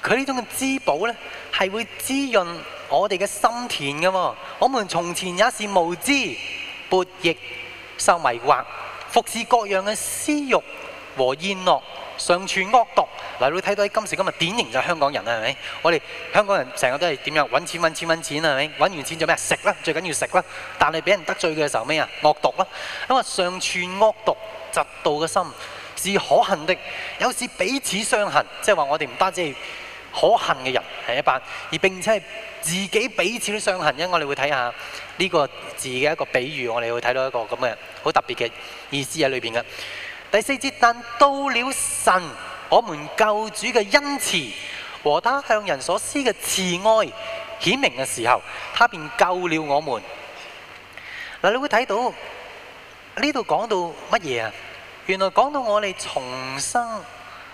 佢呢種嘅滋補呢，係會滋潤我哋嘅心田的。我們從前也是無知、悖逆、受迷惑、服侍各樣嘅私慾和宴樂。上存惡毒，嗱，你會睇到喺今時今日典型就係香港人啦，係咪？我哋香港人成日都係點樣揾錢、揾錢、揾錢，係咪？揾完錢做咩？食啦，最緊要食啦。但係俾人得罪嘅時候咩啊？惡毒啦。因為上存惡毒、嫉妒嘅心是可恨的，有時彼此傷痕，即係話我哋唔單止係可恨嘅人係一班，而並且係自己彼此都傷痕。因為我哋會睇下呢個字嘅一個比喻，我哋會睇到一個咁嘅好特別嘅意思喺裏邊嘅。第四節，但到了神，我們救主嘅恩慈和他向人所施嘅慈愛顯明嘅時候，他便救了我們。嗱，你會睇到呢度講到乜嘢啊？原來講到我哋重生，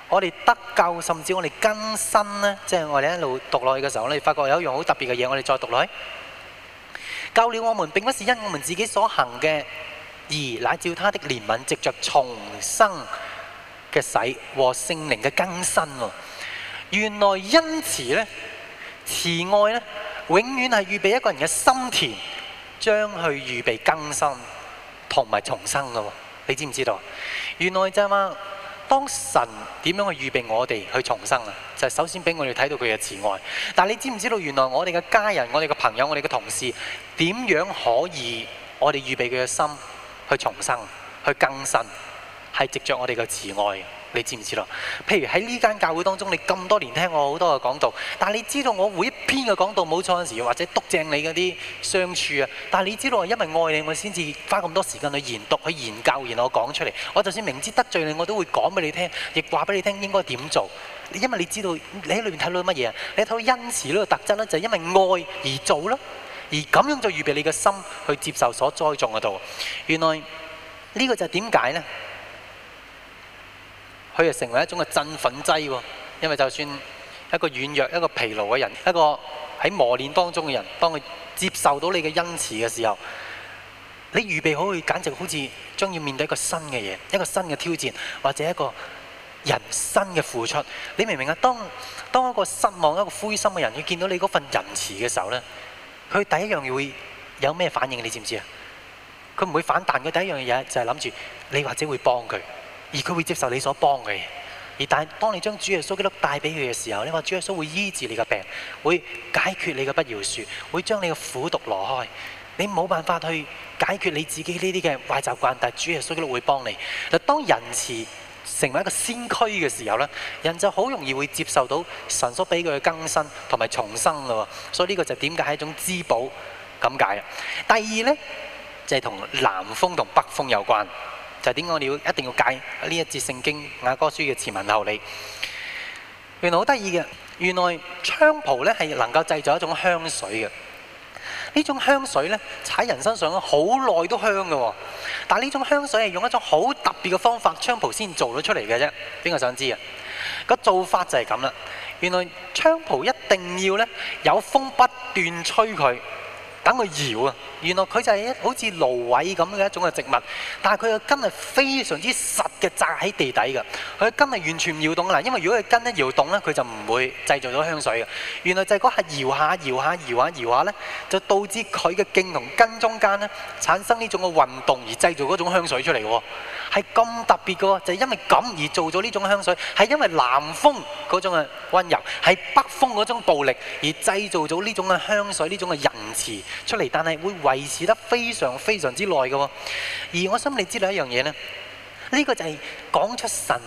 我哋得救，甚至我哋更新呢，即係我哋一路讀落去嘅時候，我哋發覺有一樣好特別嘅嘢，我哋再讀落去，救了我們並不是因我們自己所行嘅。而乃照他的憐憫，藉着重生嘅洗和聖靈嘅更新。原來因此呢，慈愛呢，永遠係預備一個人嘅心田，將去預備更新同埋重生噶。你知唔知道？原來就係話，當神點樣去預備我哋去重生啊？就是、首先俾我哋睇到佢嘅慈愛。但你知唔知道？原來我哋嘅家人、我哋嘅朋友、我哋嘅同事，點樣可以我哋預備佢嘅心？去重生，去更新，而咁樣就預備你嘅心去接受所栽種嘅道。原來呢個就係點解呢？佢就成為一種嘅振奮劑喎。因為就算一個軟弱、一個疲勞嘅人，一個喺磨練當中嘅人，當佢接受到你嘅恩慈嘅時候，你預備好去簡直好似將要面對一個新嘅嘢，一個新嘅挑戰，或者一個人生嘅付出。你明唔明啊？當當一個失望、一個灰心嘅人，去見到你嗰份仁慈嘅時候呢，佢第一樣嘢會有咩反應？你知唔知啊？佢唔會反彈。佢第一樣嘢就係諗住你或者會幫佢，而佢會接受你所幫佢。而但當你將主耶穌基督帶俾佢嘅時候，你話主耶穌會醫治你嘅病，會解決你嘅不饒恕，會將你嘅苦毒挪開。你冇辦法去解決你自己呢啲嘅壞習慣，但主耶穌基督會幫你。嗱，當仁慈成為一個先驅嘅時候咧，人就好容易會接受到神所俾佢嘅更新同埋重生嘅喎，所以呢個就點解係一種滋補咁解。第二呢，就係、是、同南風同北風有關，就係點解我哋要一定要解呢一節聖經雅歌書嘅前文後理。原來好得意嘅，原來菖蒲咧係能夠製造一種香水嘅。呢種香水呢，踩人身上好耐都香嘅喎、哦。但係呢種香水係用一種好特別嘅方法，菖蒲先做到出嚟嘅啫。邊個想知啊？個做法就係咁啦。原來菖蒲一定要呢，有風不斷吹佢。等佢搖啊！原來佢就係一好似蘆葦咁嘅一種嘅植物，但係佢嘅根係非常之實嘅扎喺地底㗎。佢嘅根係完全唔搖動㗎啦，因為如果佢根一搖動咧，佢就唔會製造到香水嘅。原來就係嗰下搖下搖下搖下搖下咧，就導致佢嘅莖同根中間咧產生呢種嘅運動而製造嗰種香水出嚟㗎喎。係咁特別嘅喎，就係、因為咁而做咗呢種香水，係因為南風嗰種嘅溫柔，係北風嗰種暴力而製造咗呢種嘅香水，呢種嘅仁慈出嚟，但係會維持得非常非常之耐嘅喎。而我心裏知道一樣嘢呢，呢、呢個就係講出神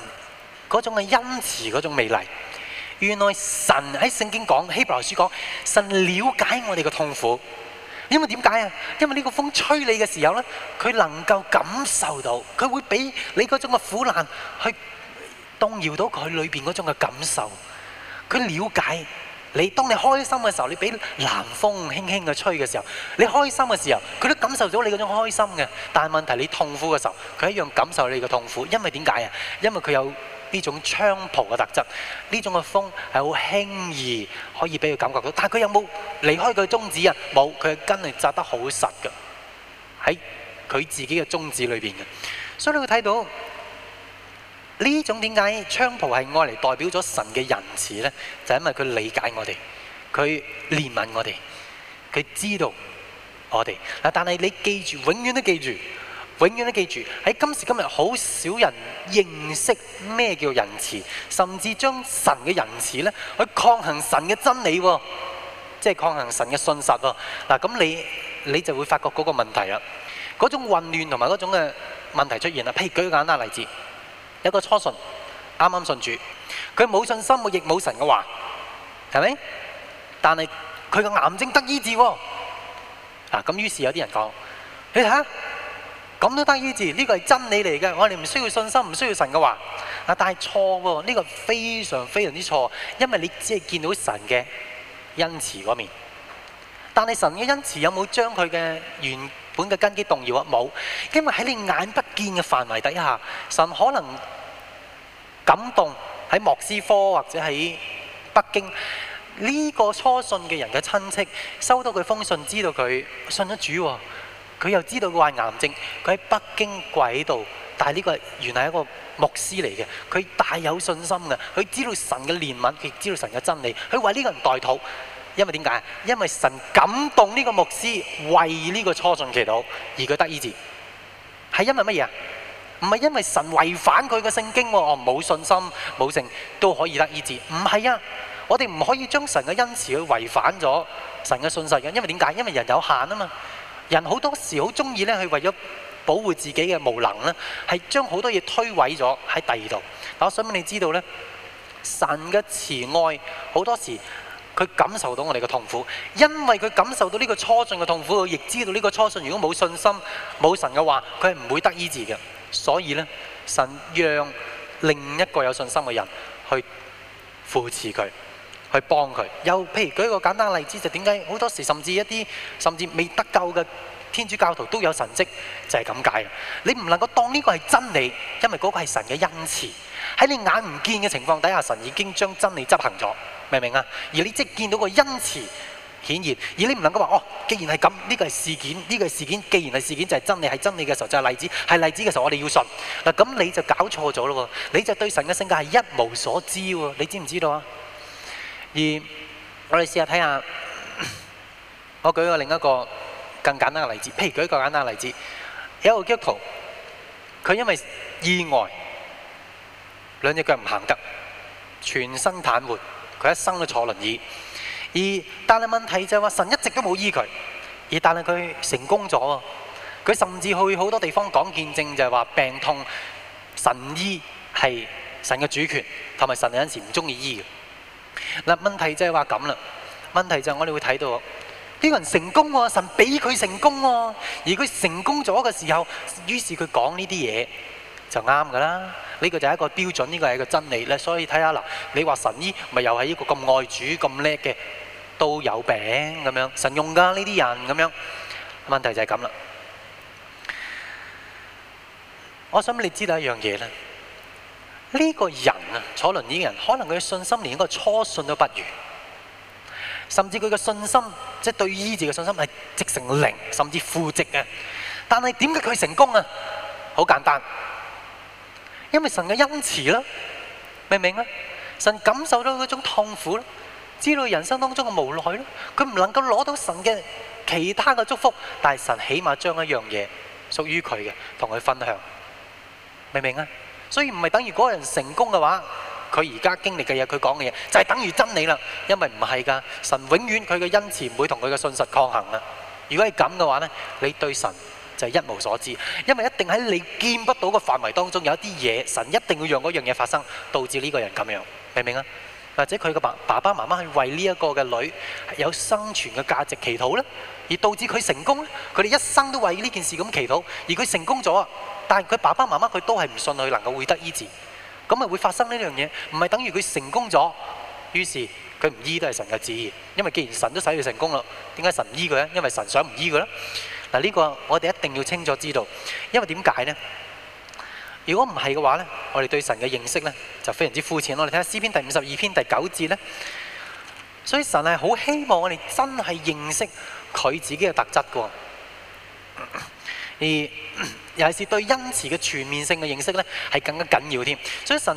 嗰種嘅恩慈嗰種美麗。原來神喺聖經講希伯來書講，神了解我哋嘅痛苦。因為點解啊？因為呢個風吹你嘅時候咧，佢能夠感受到，佢會俾你嗰種嘅苦難去動搖到佢裏面嗰種嘅感受。佢了解你，當你開心嘅時候，你俾南風輕輕嘅吹嘅時候，你開心嘅時候，佢都感受到你嗰種開心嘅。但係問題你痛苦嘅時候，佢一樣感受你嘅痛苦。因為點解啊？因為佢有。呢種菖蒲嘅特質，呢種嘅風係好輕易可以俾佢感覺到，但係佢有冇離開佢嘅宗旨啊？冇，佢嘅根係扎得好實㗎，喺佢自己嘅宗旨裏邊嘅。所以你會睇到呢種點解菖蒲係愛嚟代表咗神嘅仁慈呢？就係因為佢理解我哋，佢憐憫我哋，佢知道我哋。但係你記住，永遠都記住。永遠都記住，喺今時今日好少人認識咩叫仁慈，甚至將神嘅仁慈去抗衡神嘅真理，即係抗衡神嘅信實。嗱咁你就會發覺嗰個問題，嗰種混亂同埋嗰種嘅問題出現，譬如，舉個簡單例子，一個初信，啱啱信主，咁都得意字？呢個係真理嚟嘅，我哋唔需要信心，唔需要神嘅話。啊，但係錯喎，呢個非常非常之錯，因為你只係見到神嘅恩慈嗰面。但係神嘅恩慈有冇將佢嘅原本嘅根基動搖啊？冇，因為喺你眼不見嘅範圍底下，神可能感動喺莫斯科或者喺北京呢、這個初信嘅人嘅親戚，收到佢封信，知道佢信咗主喎。佢又知道佢患癌症，佢喺北京跪喺度，但係呢個原來係一個牧師嚟嘅，佢大有信心嘅，佢知道神嘅憐憫，佢知道神嘅真理，佢為呢個人代禱。因為點解啊？因為神感動呢個牧師為呢個初信祈禱而佢得醫治，係因為乜嘢啊？唔係因為神違反佢嘅聖經，我、哦、冇信心、冇信都可以得醫治。唔係啊，我哋唔可以將神嘅恩慈去違反咗神嘅信實嘅。因為點解？因為人有限啊嘛。人好多時好中意咧，係為咗保護自己嘅無能咧，係將好多嘢推毀咗喺第二度。但我想俾你知道咧，神嘅慈愛好多時佢感受到我哋嘅痛苦，因為佢感受到呢個初信嘅痛苦，佢亦知道呢個初信如果冇信心冇神嘅話，佢係唔會得醫治嘅。所以咧，神讓另一個有信心嘅人去扶持佢。去幫佢，又譬如舉一個簡單例子，就點解好多時甚至一啲甚至未得救嘅天主教徒都有神蹟，就係咁解。你唔能夠當呢個係真理，因為嗰個係神嘅恩慈。喺你眼唔見嘅情況底下，神已經將真理執行咗，明唔明啊？而你即係見到個恩慈顯然，而你唔能夠話哦，既然係咁，呢個係事件，呢個係事件，既然係事件就係真理，係真理嘅時候就係例子，係例子嘅時候我哋要信。嗱，咁你就搞錯咗咯喎，你就對神嘅性格係一無所知喎，你知唔知道啊？而我哋試下睇下，我舉個另一個更簡單嘅例子，譬如舉一個簡單嘅例子，有一個基督徒，佢因為意外兩隻腳唔行得，全身癱瘓，佢一生都坐輪椅。而但係問題就係話神一直都冇醫佢，而但係佢成功咗，佢甚至去好多地方講見證，就係話病痛神醫係神嘅主權，同埋神有陣時唔鍾意醫的。嗱，問題就係話咁啦。問題就係我哋會睇到呢個人成功喎，神俾佢成功喎。而佢成功咗嘅時候，於是佢講呢啲嘢，就啱噶啦。呢個就係一個標準，呢個係一個真理咧。所以睇下嗱，你話神醫咪又係一個咁愛主咁叻嘅都有病咁樣，神用噶呢啲人咁樣。問題就係咁啦。我想你知道一樣嘢咧。呢、個人啊，坐輪椅嘅人，可能佢嘅信心連一個初信都不如，甚至佢嘅信心，即、就、係、是、對醫治嘅信心係值成零，甚至負值嘅。但係點解佢成功啊？好簡單，因為神嘅恩慈啦，明唔明啊？神感受到嗰種痛苦，知道人生當中嘅無奈咯，佢唔能夠攞到神嘅其他嘅祝福，但係神起碼將一樣嘢屬於佢嘅同佢分享，明唔明啊？所以唔係等於嗰個人成功嘅話，佢而家經歷嘅嘢，佢講嘅嘢就係等於真理啦。因為唔係噶，神永遠佢嘅恩慈唔會同佢嘅信實抗衡啦。如果係咁嘅話呢，你對神就係一無所知，因為一定喺你見不到嘅範圍當中，有啲嘢神一定要讓嗰樣嘢發生，導致呢個人咁樣，明唔明啊？或者佢嘅爸爸爸媽媽係為呢一個嘅女有生存嘅價值祈禱咧，而導致佢成功咧，佢哋一生都為呢件事咁祈禱，而佢成功咗啊！但係佢爸爸媽媽佢都係唔信佢能夠會得醫治，咁啊會發生呢樣嘢，唔係等於佢成功咗，於是佢唔醫都係神嘅旨意，因為既然神都使佢成功咯，點解神醫佢咧？因為神想唔醫佢啦。嗱，呢個我哋一定要清楚知道，因為點解咧？如果唔係嘅話咧，我哋對神嘅認識咧就非常之膚淺。我哋睇下詩篇第五十二篇第九節咧，所以神係好希望我哋真係認識佢自己嘅特質㗎。而尤其是對恩慈嘅全面性嘅認識咧，係更加緊要添。所以神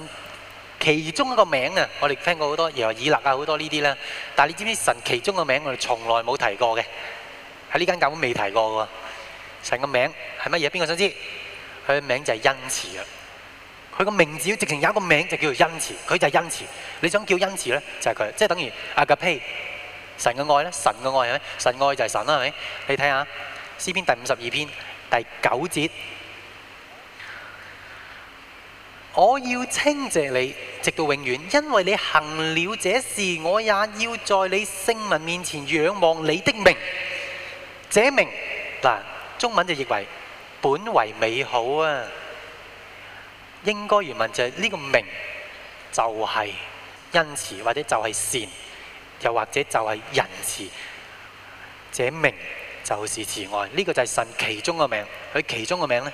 其中一個名啊，我哋聽過好多，然後以勒啊好多呢啲啦。但係你知唔知神其中個名，我哋從來冇提過嘅，喺呢間教會未提過㗎。神個名係乜嘢？邊個想知？佢嘅名就係恩慈啊！佢個名字，要直情有一個名就叫做恩慈，佢就係恩慈。你想叫恩慈咧，就係佢，即係等於 Agape！神嘅愛咧，神嘅愛係咪？神愛就係神啦，係咪？你睇下詩篇第五十二篇第九節：我要稱謝你，直到永遠，因為你行了這事，我也要在你聖民面前仰望你的名。這名嗱，中文就譯為。本為美好啊，應該原文就係呢個名就係恩慈，或者就係善，又或者就係仁慈，這名就是慈愛。呢個就係神其中個名，佢其中個名咧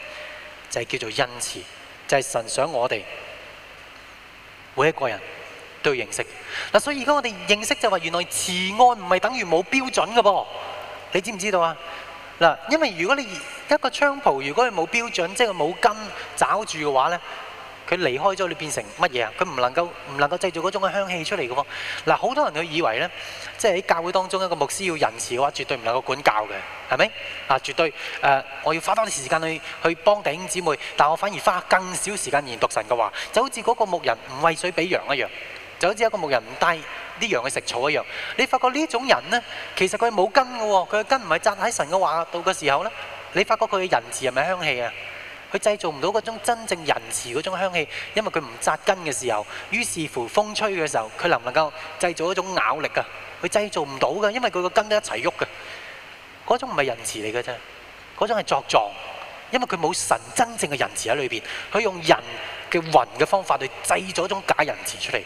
就係叫做恩慈，就係神想我哋每一個人都要認識。嗱，所以而家我哋認識就話，原來慈愛唔係等於冇標準㗎噃，你知唔知道啊？嗱，因為如果你一個菖蒲，如果佢冇標準，即係佢冇金找住嘅話咧，佢離開咗你，變成乜嘢啊？佢唔能夠唔能夠製造嗰種嘅香氣出嚟嘅喎。嗱，好多人佢以為咧，即係喺教會當中一個牧師要仁慈嘅話，絕對唔能夠管教嘅，係咪啊？絕對，誒、呃，我要花多啲時間去去幫弟兄姊妹，但我反而花更少時間研讀神嘅話，就好似嗰個牧人唔餵水俾羊一樣，就好似一個牧人唔低啲羊去食草一樣，你發覺呢種人咧，其實佢冇根嘅喎，佢嘅根唔係扎喺神嘅話度嘅時候咧，你發覺佢嘅仁慈係咪香氣啊？佢製造唔到嗰種真正仁慈嗰種香氣，因為佢唔扎根嘅時候，於是乎風吹嘅時候，佢能唔能夠製造一種咬力啊？佢製造唔到㗎，因為佢個根都一齊喐嘅，嗰種唔係仁慈嚟嘅啫，嗰種係作狀，因為佢冇神真正嘅仁慈喺裏邊，佢用人嘅魂嘅方法去製造一種假仁慈出嚟。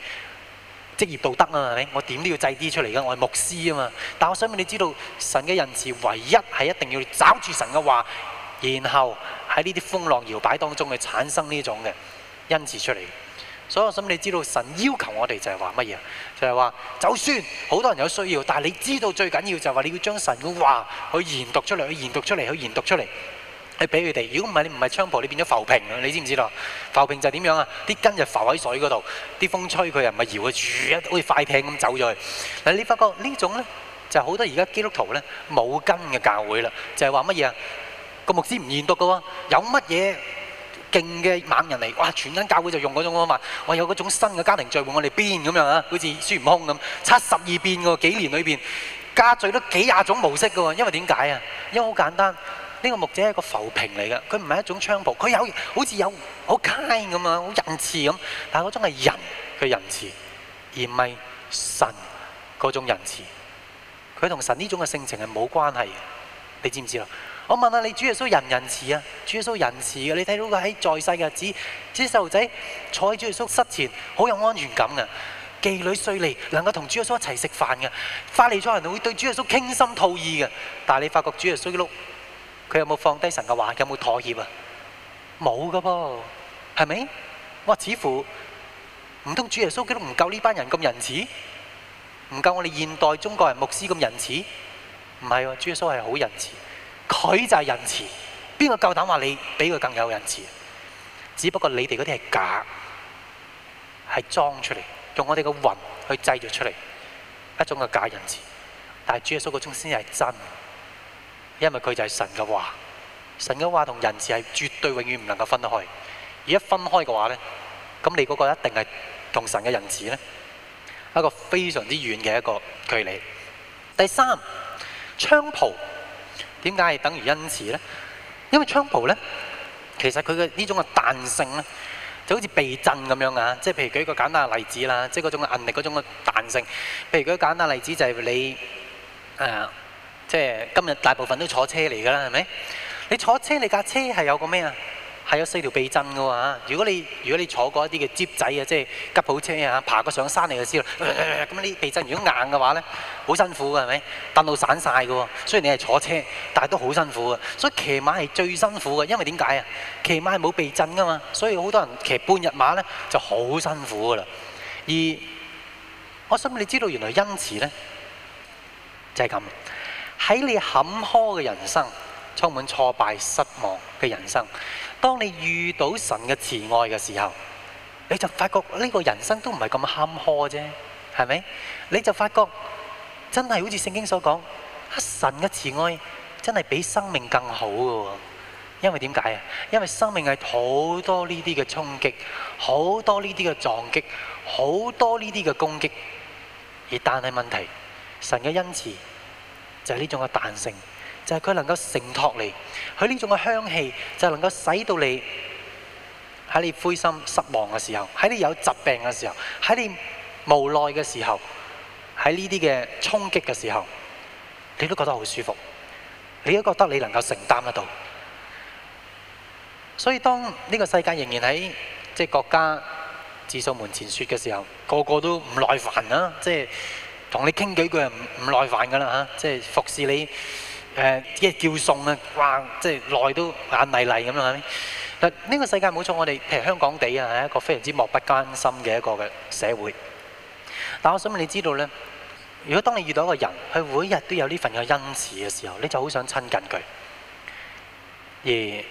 職業道德啊，我點都要製啲出嚟㗎，我係牧師啊嘛。但我想問你知道神嘅恩慈，唯一係一定要找住神嘅話，然後喺呢啲風浪搖擺當中去產生呢種嘅恩慈出嚟。所以我想問你知道神要求我哋就係話乜嘢？就係話，就算好多人有需要，但係你知道最緊要就係話你要將神嘅話去研讀出嚟，去研讀出嚟，去研讀出嚟。俾佢哋。如果唔係你唔係菖蒲你變咗浮萍啊，你知唔知道？浮萍就係點樣啊？啲根就浮喺水嗰度，啲風吹佢又唔係搖住，好似快艇咁走咗去。嗱，你發覺，呢種咧，就係好多而家基督徒咧冇根嘅教會啦，就係話乜嘢啊？個牧師唔研讀嘅喎，有乜嘢勁嘅猛人嚟，全根教會就用嗰種啊嘛？有嗰種新嘅家庭聚會，我哋變咁樣啊？好似孫悟空咁，七十二變嘅喎，幾年裏邊，家聚都幾廿種模式嘅喎，因為點解啊？因為好簡單。呢、這個牧者係個浮萍嚟嘅，佢唔係一種菖蒲，佢有好似有好 kind 咁啊，好很般般很仁慈咁，但係嗰種係人嘅仁慈，而唔係神嗰種仁慈。佢同神呢種嘅性情係冇關係嘅，你知唔知啊？我問下你，主耶穌仁唔仁慈啊？主耶穌仁慈嘅，你睇到佢喺在世嘅日子，啲細路仔坐喺主耶穌膝，膝前好有安全感嘅，妓女稅吏能夠同主耶穌一齊食飯嘅，法利賽人會對主耶穌傾心吐意嘅，但係你發覺主耶穌碌。佢有冇放低神嘅話？有冇妥協啊？冇噶噃，係咪？我話似乎唔通主耶穌佢都唔夠呢班人咁仁慈，唔夠我哋現代中國人牧師咁仁慈？唔係，主耶穌係好仁慈，佢就係仁慈。邊個夠膽話你比佢更有仁慈？只不過你哋嗰啲係假，係裝出嚟，用我哋個魂去製造出嚟一種嘅假仁慈。但係主耶穌嗰種先係真的。因為佢就係神嘅話，神嘅話同仁慈係絕對永遠唔能夠分開。而一分開嘅話咧，咁你嗰個一定係同神嘅仁慈咧，一個非常之遠嘅一個距離。第三，菖蒲點解係等於恩慈咧？因為菖蒲咧，其實佢嘅呢種嘅彈性咧，就好似避震咁樣啊！即係譬如舉一個簡單嘅例子啦，即係嗰種嘅韌力、嗰種嘅彈性。譬如舉簡單例子就係你誒。即係今日大部分都坐車嚟㗎啦，係咪？你坐車，你架車係有個咩啊？係有四條避震嘅喎。如果你如果你坐過一啲嘅轎仔啊，即係吉普車啊，爬過上山你就知啦。咁、呃、啲避震如果硬嘅話咧，好辛苦嘅係咪？蹬到散晒嘅喎。雖然你係坐車，但係都好辛苦嘅。所以騎馬係最辛苦嘅，因為點解啊？騎馬係冇避震㗎嘛。所以好多人騎半日馬咧就好辛苦㗎啦。而我希望你知道，原來恩慈咧就係咁。喺你坎坷嘅人生，充滿挫敗、失望嘅人生，當你遇到神嘅慈愛嘅時候，你就發覺呢個人生都唔係咁坎坷啫，係咪？你就發覺真係好似聖經所講，神嘅慈愛真係比生命更好噶，因為點解啊？因為生命係好多呢啲嘅衝擊，好多呢啲嘅撞擊，好多呢啲嘅攻擊，而但係問題，神嘅恩慈。就係、是、呢種嘅彈性，就係、是、佢能夠承托你，佢呢種嘅香氣就能夠使到你喺你灰心失望嘅時候，喺你有疾病嘅時候，喺你無奈嘅時候，喺呢啲嘅衝擊嘅時候，你都覺得好舒服，你都覺得你能夠承擔得到。所以當呢個世界仍然喺即係各家自掃門前雪嘅時候，個個都唔耐煩啦，即、就、係、是。同你傾幾句唔唔耐煩噶啦嚇，即係服侍你誒，即係叫餸啊！哇，即係耐都眼泥泥咁樣。但呢個世界冇錯，我哋譬如香港地啊，係一個非常之漠不關心嘅一個嘅社會。但我想問你知道咧，如果當你遇到一個人，佢每日都有呢份嘅恩慈嘅時候，你就好想親近佢。而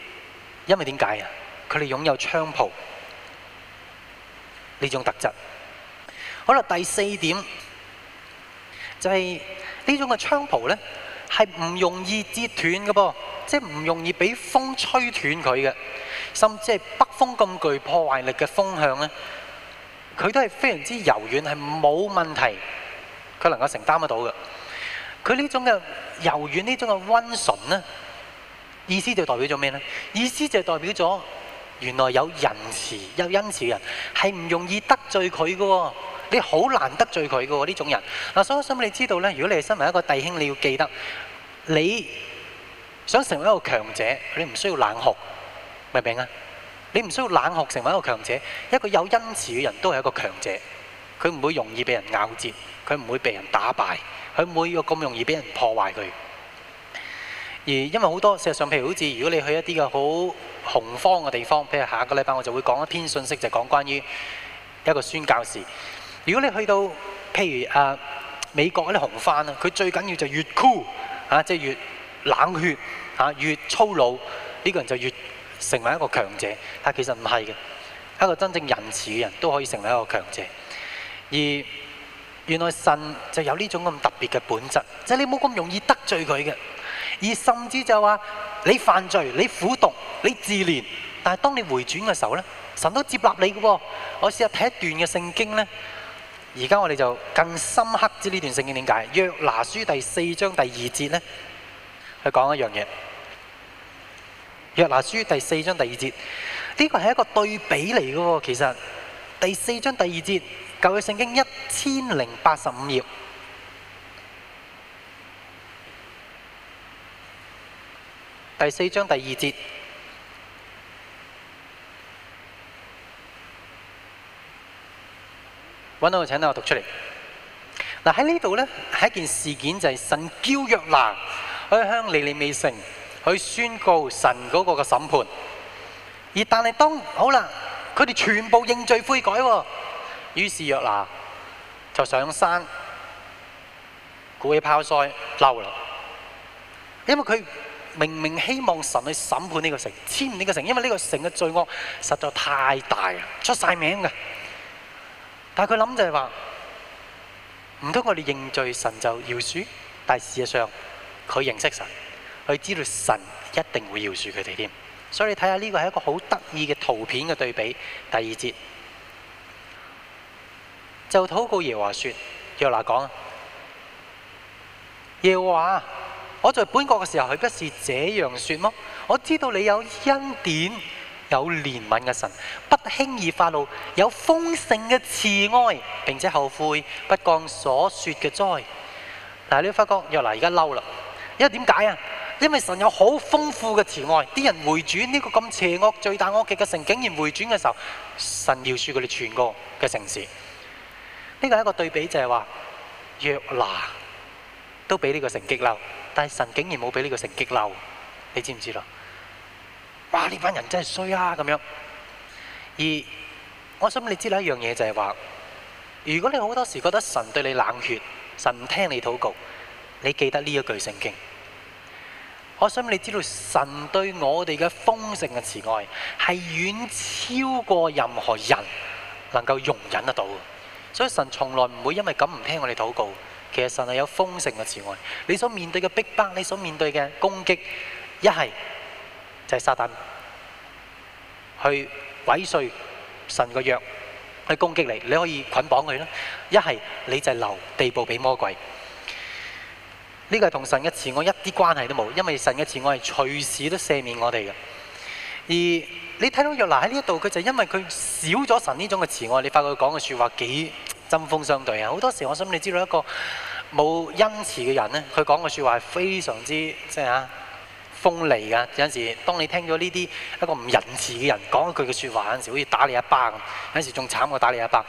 因為點解啊？佢哋擁有菖蒲呢種特質。好啦，第四點。就係、是、呢種嘅菖蒲咧，係唔容易折斷嘅噃，即係唔容易俾風吹斷佢嘅，甚至係北風咁具破壞力嘅風向咧，佢都係非常之柔軟，係冇問題，佢能夠承擔得到嘅。佢呢種嘅柔軟，這種溫呢種嘅溫純咧，意思就代表咗咩咧？意思就代表咗原來有仁慈、有恩慈嘅人，係唔容易得罪佢嘅喎。你好難得罪佢嘅喎呢種人。嗱，所以我想俾你知道咧，如果你係身為一個弟兄，你要記得，你想成為一個強者，你唔需要冷酷，明唔明啊？你唔需要冷酷成為一個強者。一個有恩慈嘅人都係一個強者，佢唔會容易俾人咬截，佢唔會俾人打敗，佢唔會有咁容易俾人破壞佢。而因為好多事實上，譬如好似如果你去一啲嘅好恐慌嘅地方，譬如下一個禮拜我就會講一篇信息，就講關於一個宣教士。如果你去到譬如啊美國嗰啲紅番他啊，佢最緊要就越酷，o 即係越冷血嚇、啊，越粗魯，呢、這個人就越成為一個強者。嚇、啊，其實唔係嘅，一個真正仁慈嘅人都可以成為一個強者。而原來神就有呢種咁特別嘅本質，即、就、係、是、你冇咁容易得罪佢嘅。而甚至就話你犯罪、你苦毒、你自憐，但係當你回轉嘅時候咧，神都接納你嘅喎。我試下睇一段嘅聖經咧。而家我哋就更深刻知呢段聖經點解，約拿書第四章第二節呢，去講一樣嘢。約拿書第四章第二節，呢個係一個對比嚟嘅喎。其實第四章第二節，舊約聖經一千零八十五頁，第四章第二節。揾到我請啦，我讀出嚟。嗱，喺呢度咧，係一件事件就，就係神叫約拿去向尼尼微城去宣告神嗰個嘅審判。而，但係當好啦，佢哋全部認罪悔改喎。於是約拿就上山，鼓起泡腮嬲啦。因為佢明明希望神去審判呢個城，殲呢個城，因為呢個城嘅罪惡實在太大啦，出晒名㗎。但係佢諗就係話，唔通我哋認罪，神就要恕？但係事實上，佢認識神，佢知道神一定會饒恕佢哋添。所以你睇下呢個係一個好得意嘅圖片嘅對比。第二節就禱告耶和華說，約拿講啊，耶和華，我在本國嘅時候，佢不是這樣說麼？我知道你有恩典，有憐憫嘅神，不輕易發怒；有豐盛嘅慈愛，並且後悔不降所說嘅災。嗱，你發覺約拿而家嬲啦，因為點解啊？因為神有好豐富嘅慈愛，啲人回轉呢個咁邪惡、罪大惡極嘅神，竟然回轉嘅時候，神要恕佢哋全個嘅城市。呢個係一個對比就係話，約拿都俾呢個城激嬲，但係神竟然冇俾呢個城激嬲。你知唔知道？哇！呢班人真係衰啊，咁樣。而我想你知道一樣嘢，就係話，如果你好多時覺得神對你冷血，神唔聽你禱告，你記得呢一句聖經。我想你知道神對我哋嘅豐盛嘅慈愛係遠超過任何人能夠容忍得到。所以神從來唔會因為咁唔聽我哋禱告。其實神係有豐盛嘅慈愛。你所面對嘅逼迫，你所面對嘅攻擊，一係。就係、是、撒但去毀碎神個約，去攻擊你。你可以捆綁佢啦。一係你就係留地步俾魔鬼。呢個係同神嘅慈愛一啲關係都冇，因為神嘅慈愛係隨時都赦免我哋嘅。而你睇到約拿喺呢一度，佢就是因為佢少咗神呢種嘅慈愛，你發覺佢講嘅説話幾針鋒相對啊！好多時，我想你知道一個冇恩慈嘅人咧，佢講嘅説話係非常之即係啊～、就是鋒利噶，有陣時，當你聽咗呢啲一個唔仁慈嘅人講一句嘅説話，有陣時好似打你一巴咁，有陣時仲慘過打你一巴。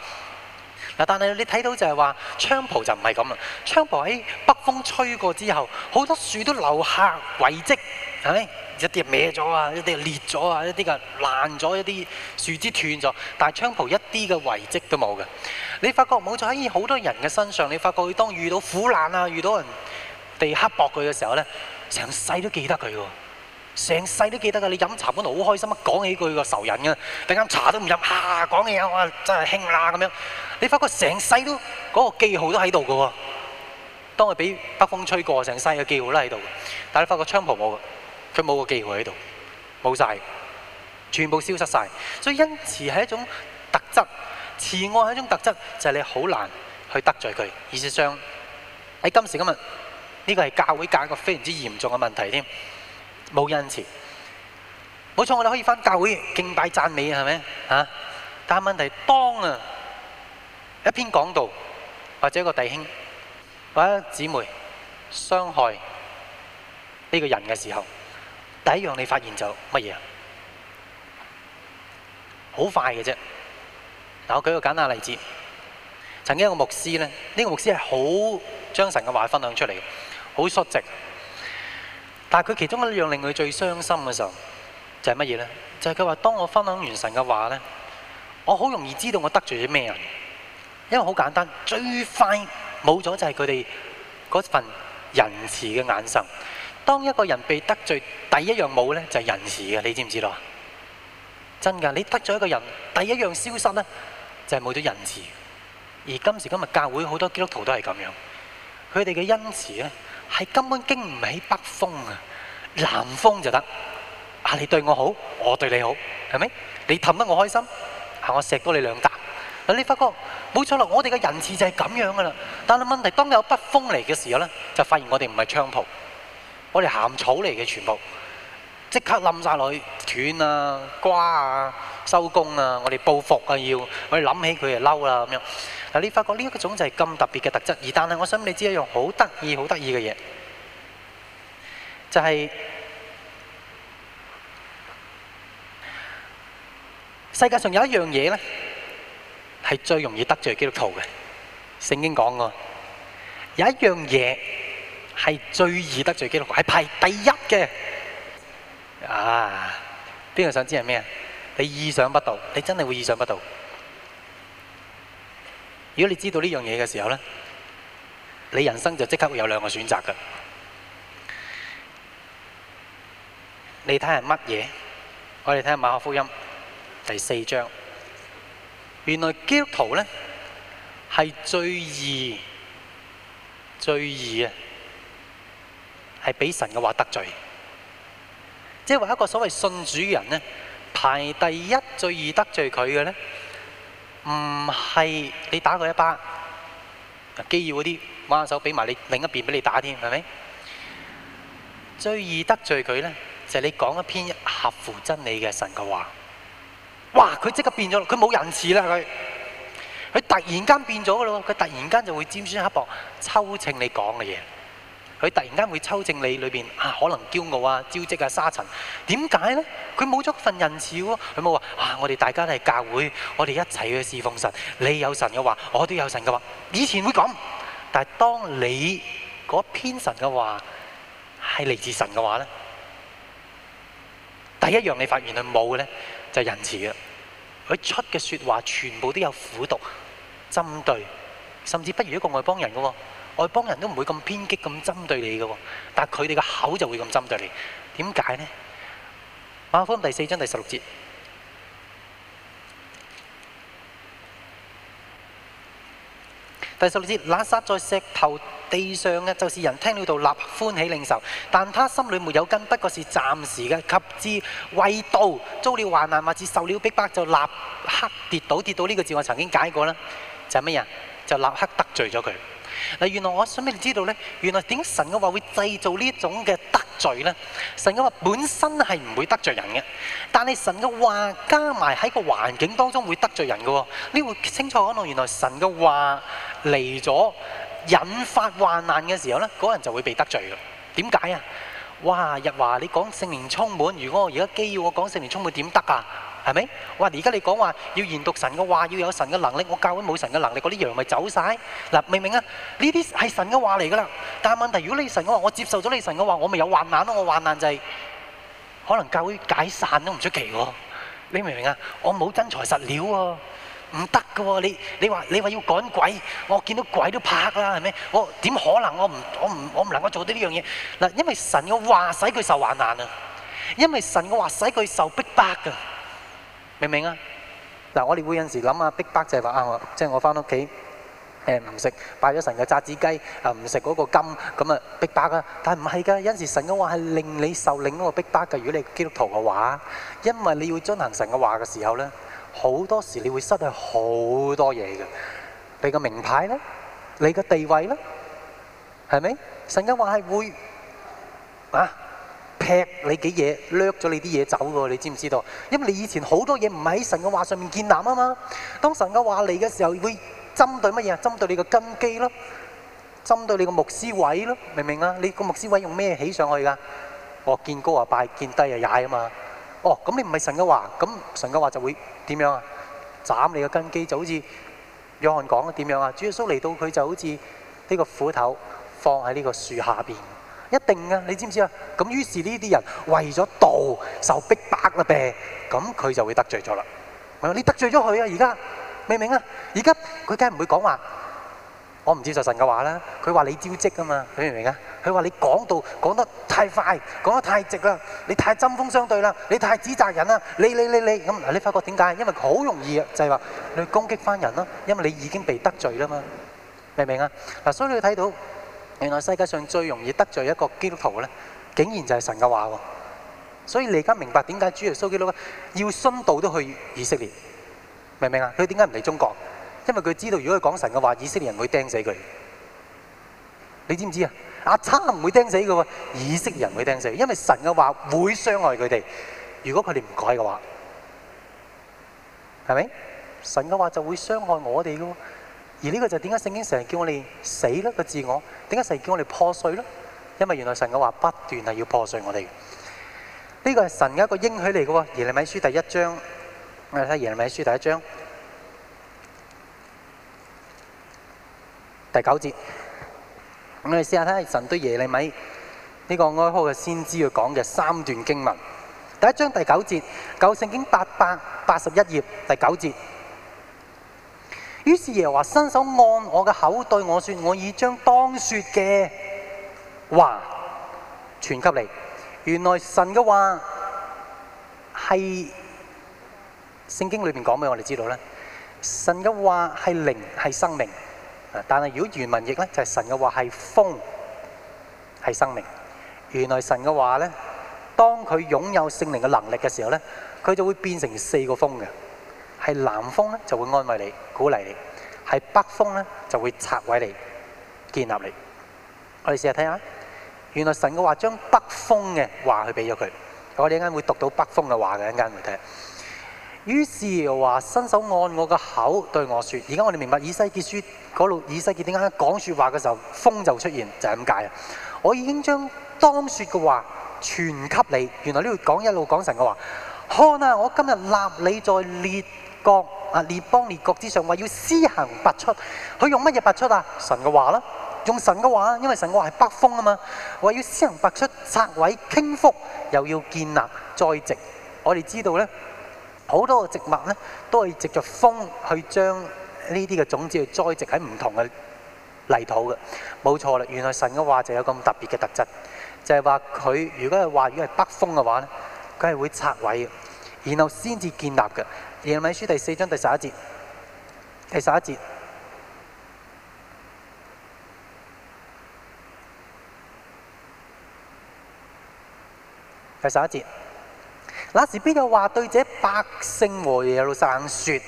但係你睇到就係話，菖蒲就唔係咁啦。菖蒲喺北風吹過之後，好多樹都留下遺跡，係咪一啲歪咗啊，一啲裂咗啊，一啲嘅爛咗，一啲樹枝斷咗。但係菖蒲一啲嘅遺跡都冇嘅。你發覺冇錯喺好多人嘅身上，你發覺佢當遇到苦難啊，遇到人哋刻薄佢嘅時候咧。成世都記得佢喎，成世都記得噶。你飲茶嗰度好開心，一講起佢個仇人嘅，突然間茶都唔飲，啊，講起我真係興啦咁樣。你發覺成世都嗰、那個記號都喺度嘅喎，當佢俾北風吹過，成世嘅記號都喺度。但係你發覺菖蒲冇嘅，佢冇個記號喺度，冇晒，全部消失晒！所以恩慈係一種特質，慈愛係一種特質，就係、是、你好難去得罪佢。意思上喺、欸、今時今日。呢個係教會教一個非常之嚴重嘅問題添，冇恩慈，冇錯，我哋可以翻教會敬拜讚美啊，係咪啊？但係問題當啊一篇講道或者一個弟兄或者姊妹傷害呢個人嘅時候，第一樣你發現就乜嘢啊？好快嘅啫。嗱，我舉個簡單例子，曾經有一個牧師咧，呢個牧師係好將神嘅話分享出嚟嘅。好率直，但係佢其中一樣令佢最傷心嘅時候就係乜嘢呢？就係佢話：當我分享完神嘅話呢，我好容易知道我得罪咗咩人，因為好簡單，最快冇咗就係佢哋嗰份仁慈嘅眼神。當一個人被得罪，第一樣冇呢就係、是、仁慈嘅，你知唔知道？真噶，你得罪了一個人，第一樣消失呢，就係冇咗仁慈。而今時今日教會好多基督徒都係咁樣，佢哋嘅恩慈呢。係根本經唔起北風啊，南風就得。啊，你對我好，我對你好，係咪？你氹得我開心，啊，我錫多你兩啖。嗱，你發覺冇錯啦，我哋嘅人次就係咁樣噶啦。但係問題當有北風嚟嘅時候咧，就發現我哋唔係槍炮，我哋鹹草嚟嘅全部，即刻冧晒落去，斷啊瓜啊！收工啊！我哋報復啊，要我哋諗起佢就嬲啦咁樣。嗱，你發覺呢一個種就係咁特別嘅特質。而但係，我想你知一樣好得意、好得意嘅嘢，就係世界上有一樣嘢咧，係最容易得罪基督徒嘅。聖經講過，有一樣嘢係最易得罪基督徒，係排第一嘅。啊，邊個想知係咩啊？你意想不到，你真係會意想不到。如果你知道呢樣嘢嘅時候呢，你人生就即刻會有兩個選擇噶。你睇下乜嘢？我哋睇下馬可福音第四章。原來基督徒呢係最易、最易啊，係俾神嘅話得罪。即係話一個所謂信主嘅人呢。排第一最易得罪佢嘅咧，唔係你打佢一巴，基要嗰啲玩下手俾埋你另一邊俾你打添，係咪？最易得罪佢咧，就係、是、你講一篇合乎真理嘅神嘅話。哇！佢即刻變咗，佢冇仁慈啦佢，佢突然間變咗噶咯，佢突然間就，就會尖酸刻薄抽秤你講嘅嘢。佢突然間會抽正你裏邊啊，可能驕傲啊、招積啊、沙塵，點解咧？佢冇咗份仁慈喎！佢冇話啊，我哋大家都係教會，我哋一齊去侍奉神。你有神嘅話，我都有神嘅話。以前會咁，但係當你嗰篇神嘅話係嚟自神嘅話咧，第一樣你發現佢冇嘅咧，就係仁慈嘅。佢出嘅説話全部都有苦毒、針對，甚至不如一個外邦人嘅喎。外邦人都唔會咁偏激咁針對你嘅，但係佢哋嘅口就會咁針對你。點解呢？馬可福音第四章第十六節，第十六節，拉撒在石頭地上嘅，就是人聽了道立歡喜領受，但他心裏沒有根，不過是暫時嘅。及至為道遭了患難，或者受了逼迫，就立刻跌倒。跌倒呢個字我曾經解過啦，就係乜嘢？就立刻得罪咗佢。嗱，原來我想俾你知道呢，原來點神嘅話會製造呢種嘅得罪呢？神嘅話本身係唔會得罪人嘅，但係神嘅話加埋喺個環境當中會得罪人嘅。你會清楚，可能原來神嘅話嚟咗，引發患難嘅時候呢，嗰人就會被得罪嘅。點解啊？哇！日華，你講聖靈充滿，如果我而家基要我講聖靈充滿，點得啊？係咪？我話而家你講話要研讀神嘅話，要有神嘅能力。我教會冇神嘅能力，嗰啲羊咪走晒。嗱，明唔明啊？呢啲係神嘅話嚟㗎喇。但係問題，如果你神嘅話，我接受咗你神嘅話，我咪有患難咯。我患難就係可能教會解散都唔出奇嘅。你明唔明啊？我冇真材實料喎，唔得嘅。你你話你話要趕鬼，我見到鬼都怕啦，係咪？我點可能我唔我唔我唔能夠做到呢樣嘢？嗱，因為神嘅話使佢受患難啊，因為神嘅話使佢受逼迫嘅。明唔明啊？嗱，我哋會有陣時諗下，逼迫就係話啊，即係我翻屋企誒唔食拜咗神嘅炸子雞啊，唔食嗰個金咁啊逼迫啊，但係唔係㗎，有陣時神嘅話係令你受另一個逼迫㗎。如果你係基督徒嘅話，因為你要遵行神嘅話嘅時候咧，好多時你會失去好多嘢嘅，你個名牌咧，你個地位咧，係咪？神嘅話係會啊。踢你幾嘢，掠咗你啲嘢走噶，你知唔知道？因為你以前好多嘢唔喺神嘅話上面建立啊嘛。當神嘅話嚟嘅時候，會針對乜嘢啊？針對你個根基咯，針對你個牧師位咯，明唔明啊？你個牧師位用咩起上去噶？哦，見高啊拜，見低啊踩啊嘛。哦，咁你唔係神嘅話，咁神嘅話就會點樣啊？斬你個根基，就好似約翰講嘅點樣啊？主耶穌嚟到，佢就好似呢個斧頭放喺呢個樹下邊。一定啊！你知唔知啊？咁於是呢啲人為咗道受逼迫啦唄，咁佢就會得罪咗啦。我話你得罪咗佢啊！而家明唔明啊？而家佢梗係唔會講話。我唔接受神嘅話啦。佢話你招積啊嘛。你明唔明啊？佢話你講道講得太快，講得太直啦。你太針鋒相對啦，你太指責人啦。你你你你咁嗱，你發覺點解？因為好容易啊就係話你去攻擊翻人咯。因為你已經被得罪啦嘛。明唔明啊？嗱，所以你睇到。原來世界上最容易得罪一個基督徒咧，竟然就係神嘅話喎。所以你而家明白點解主耶穌基督要殉道都去以色列，明唔明啊？佢點解唔嚟中國？因為佢知道如果佢講神嘅話，以色列人會釘死佢。你知唔知啊？阿差唔會釘死佢喎，以色列人會釘死。因為神嘅話會傷害佢哋，如果佢哋唔改嘅話，係咪？神嘅話就會傷害我哋嘅喎。而呢個就係點解聖經成日叫我哋死呢個自我？點解成日叫我哋破碎呢？因為原來神嘅話不斷係要破碎我哋。呢個係神嘅一個應許嚟嘅喎。耶利米書第一章，我哋睇下耶利米書第一章第九節，我哋試下睇下神對耶利米呢個哀哭嘅先知佢講嘅三段經文。第一章第九節，舊聖經八百八十一頁第九節。於是耶華伸手按我嘅口，對我說，我已將當說嘅係南風咧，就會安慰你、鼓勵你；係北風咧，就會拆毀你、建立你。我哋試下睇下，原來神嘅話將北風嘅話去俾咗佢。我哋一陣會讀到北風嘅話嘅，一陣間會聽。於是話伸手按我嘅口對我說：而家我哋明白以西結書嗰度，以西結點解講說話嘅時候風就出現，就係咁解啊！我已經將當說嘅話傳給你。原來呢度講一路講神嘅話。看啊，我今日立你在列國啊，列邦列國之上話要施行拔出，佢用乜嘢拔出啊？神嘅話啦，用神嘅話，因為神嘅話係北風啊嘛，話要施行拔出，拆毀傾覆，又要建立栽植。我哋知道咧，好多嘅植物咧都係藉着風去將呢啲嘅種子去栽植喺唔同嘅泥土嘅，冇錯啦。原來神嘅話就有咁特別嘅特質，就係話佢如果係話語係北風嘅話咧，佢係會拆毀嘅，然後先至建立嘅。耶利米書第四章第十一節，第十一節，第十一節。那時必有話對這百姓和耶路撒冷説：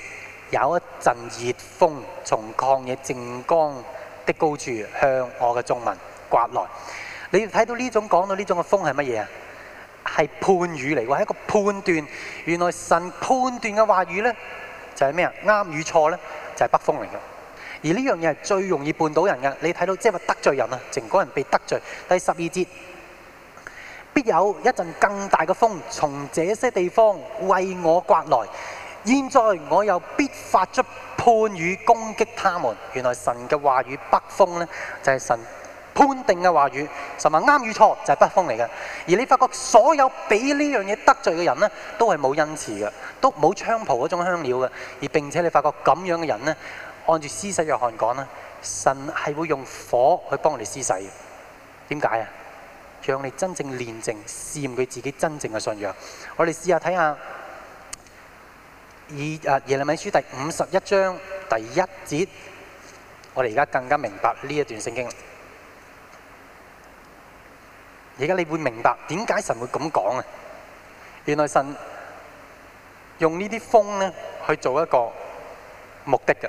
有一陣熱風從曠野淨光的高處向我嘅眾民刮來。你要睇到呢種講到呢種嘅風係乜嘢啊？係判語嚟，話係一個判斷。原來神判斷嘅話語呢，就係咩啊？啱與錯呢，就係、是、北風嚟嘅。而呢樣嘢係最容易絆倒人嘅。你睇到，即係話得罪人啊，成個人被得罪。第十二節，必有一陣更大嘅風從這些地方為我刮來。現在我又必發出判語攻擊他們。原來神嘅話語北風呢，就係、是、神。判定嘅話語，神話啱與錯就係、是、北風嚟嘅。而你發覺所有俾呢樣嘢得罪嘅人呢，都係冇恩慈嘅，都冇菖蒲嗰種香料嘅。而並且你發覺咁樣嘅人呢，按住施洗約翰講咧，神係會用火去幫你施洗嘅。點解啊？讓你真正煉淨、試驗佢自己真正嘅信仰。我哋試，試看一下睇下以啊耶利米書第五十一章第一節，我哋而家更加明白呢一段聖經。而家你會明白點解神會咁講啊？原來神用這些呢啲風咧去做一個目的嘅，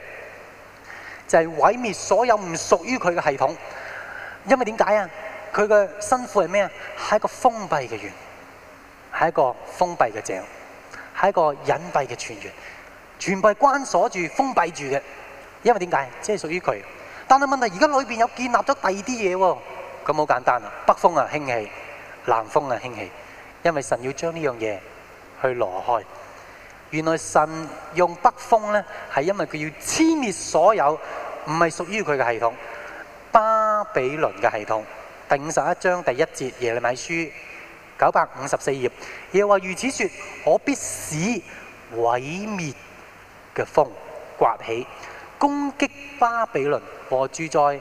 就係、是、毀滅所有唔屬於佢嘅系統。因為點解啊？佢嘅新婦係咩啊？係一個封閉嘅園，係一個封閉嘅井，係一個隱蔽嘅泉源，全部係關鎖住、封閉住嘅。因為點解？即係屬於佢。但係問題而家裏邊有建立咗第二啲嘢喎。咁好簡單啊！北風啊，興起；南風啊，興起。因為神要將呢樣嘢去挪開。原來神用北風呢，係因為佢要殲滅所有唔係屬於佢嘅系統——巴比倫嘅系統。第五十一章第一節耶利米書九百五十四頁又話：如此説，我必使毀滅嘅風刮起，攻擊巴比倫和住在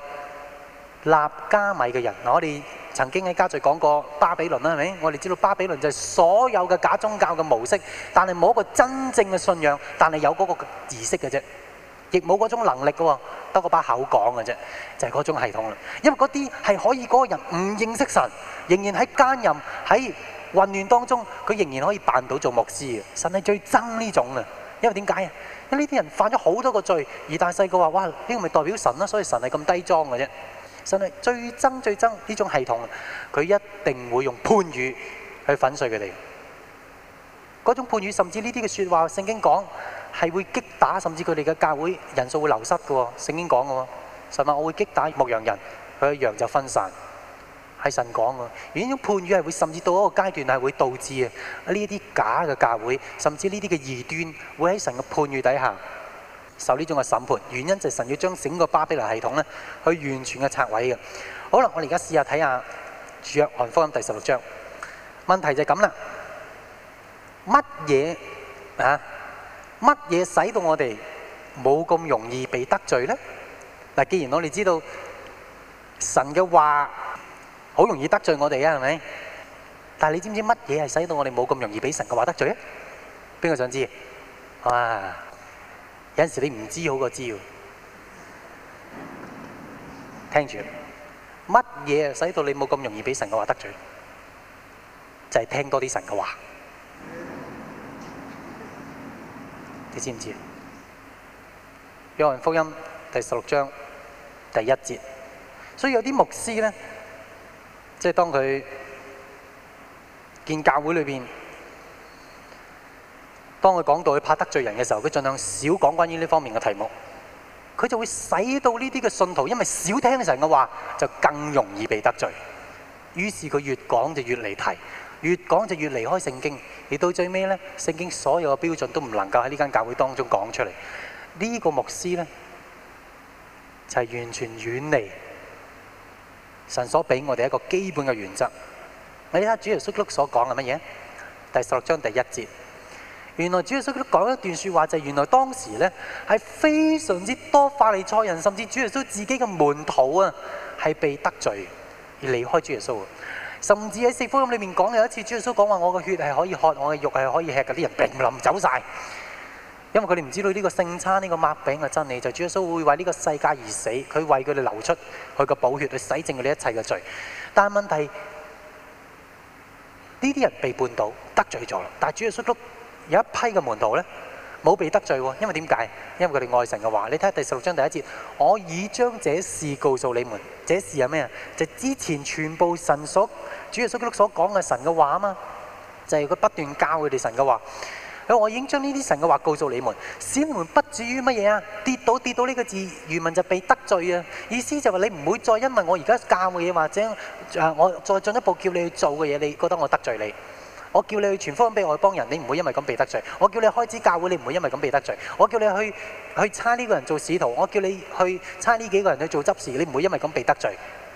立加米嘅人，我哋曾經喺家聚講過巴比倫啦，係咪？我哋知道巴比倫就係所有嘅假宗教嘅模式，但係冇一個真正嘅信仰，但係有嗰個儀式嘅啫，亦冇嗰種能力嘅喎，得個把口講嘅啫，就係嗰種系統啦。因為嗰啲係可以嗰個人唔認識神，仍然喺奸淫喺混亂當中，佢仍然可以扮到做牧師嘅。神係最憎呢種啊，因為點解啊？因為呢啲人犯咗好多個罪，而大細個話，哇，呢個咪代表神啦，所以神係咁低莊嘅啫。神係，最憎最憎呢種系統，佢一定會用判語去粉碎佢哋。嗰種判語，甚至呢啲嘅説話，聖經講係會擊打，甚至佢哋嘅教會人數會流失嘅喎。聖經講嘅神話，我會擊打牧羊人，佢嘅羊就分散，係神講嘅。而呢種判語係會，甚至到一個階段係會導致啊呢啲假嘅教會，甚至呢啲嘅異端，會喺神嘅判語底下。受呢種嘅審判，原因就神要將整個巴比倫系統咧，去完全嘅拆毀嘅。好啦，我哋而家試下睇下主約翰福音第十六章。問題就係咁啦，乜嘢啊？乜嘢使到我哋冇咁容易被得罪咧？嗱，既然我哋知道神嘅話好容易得罪我哋啊，係咪？但係你知唔知乜嘢係使到我哋冇咁容易俾神嘅話得罪啊？邊個想知？哇！有陣時你唔知好過知，聽住，乜嘢使到你冇咁容易俾神嘅話得罪，就係聽多啲神嘅話，你知唔知？約翰福音第十六章第一節。所以有啲牧師咧，即係當佢見教會裏邊。當佢講到佢怕得罪人嘅時候，佢盡量少講關於呢方面嘅題目，佢就會使到呢啲嘅信徒因為少聽神嘅話，就更容易被得罪。於是佢越講就越離題，越講就越離開聖經，而到最尾呢，聖經所有嘅標準都唔能夠喺呢間教會當中講出嚟。呢、呢個牧師呢，就係完全遠離神所畀我哋一個基本嘅原則。你睇下主耶穌所講係乜嘢？第十六章第一節。原來主耶穌都講一段説話就係、是、原來當時咧係非常之多法利賽人，甚至主耶穌自己嘅門徒啊，係被得罪而離開主耶穌。甚至喺四福音裏面講有一次，主耶穌講話：我嘅血係可以喝，我嘅肉係可以吃嘅，啲人砰冧走晒，因為佢哋唔知道呢個聖餐、呢、這個抹餅嘅真理，就是、主耶穌會為呢個世界而死，佢為佢哋流出佢嘅寶血去洗淨佢哋一切嘅罪。但係問題呢啲人被絆倒得罪咗，但係主耶穌都。有一批嘅門徒呢，冇被得罪，因為點解？因為佢哋愛神嘅話，你睇下第十六章第一節，我已將這事告訴你們，這事係咩啊？就之前全部神所，主耶穌基督所講嘅神嘅話啊嘛，就係佢不斷教佢哋神嘅話，我已經將呢啲神嘅話告訴你們，神不至於乜嘢啊？跌到，跌到呢個字，原文就被得罪，意思就係話你唔會再因為我而家教嘅嘢，或者我再進一步叫你去做嘅嘢，你覺得我得得罪你。跌倒，我叫你去傳福音俾外邦人，你唔會因為咁被得罪；我叫你開支教會，你唔會因為咁被得罪；我叫你去去差呢個人做使徒，我叫你去差呢幾個人去做執事，你唔會因為咁被得罪。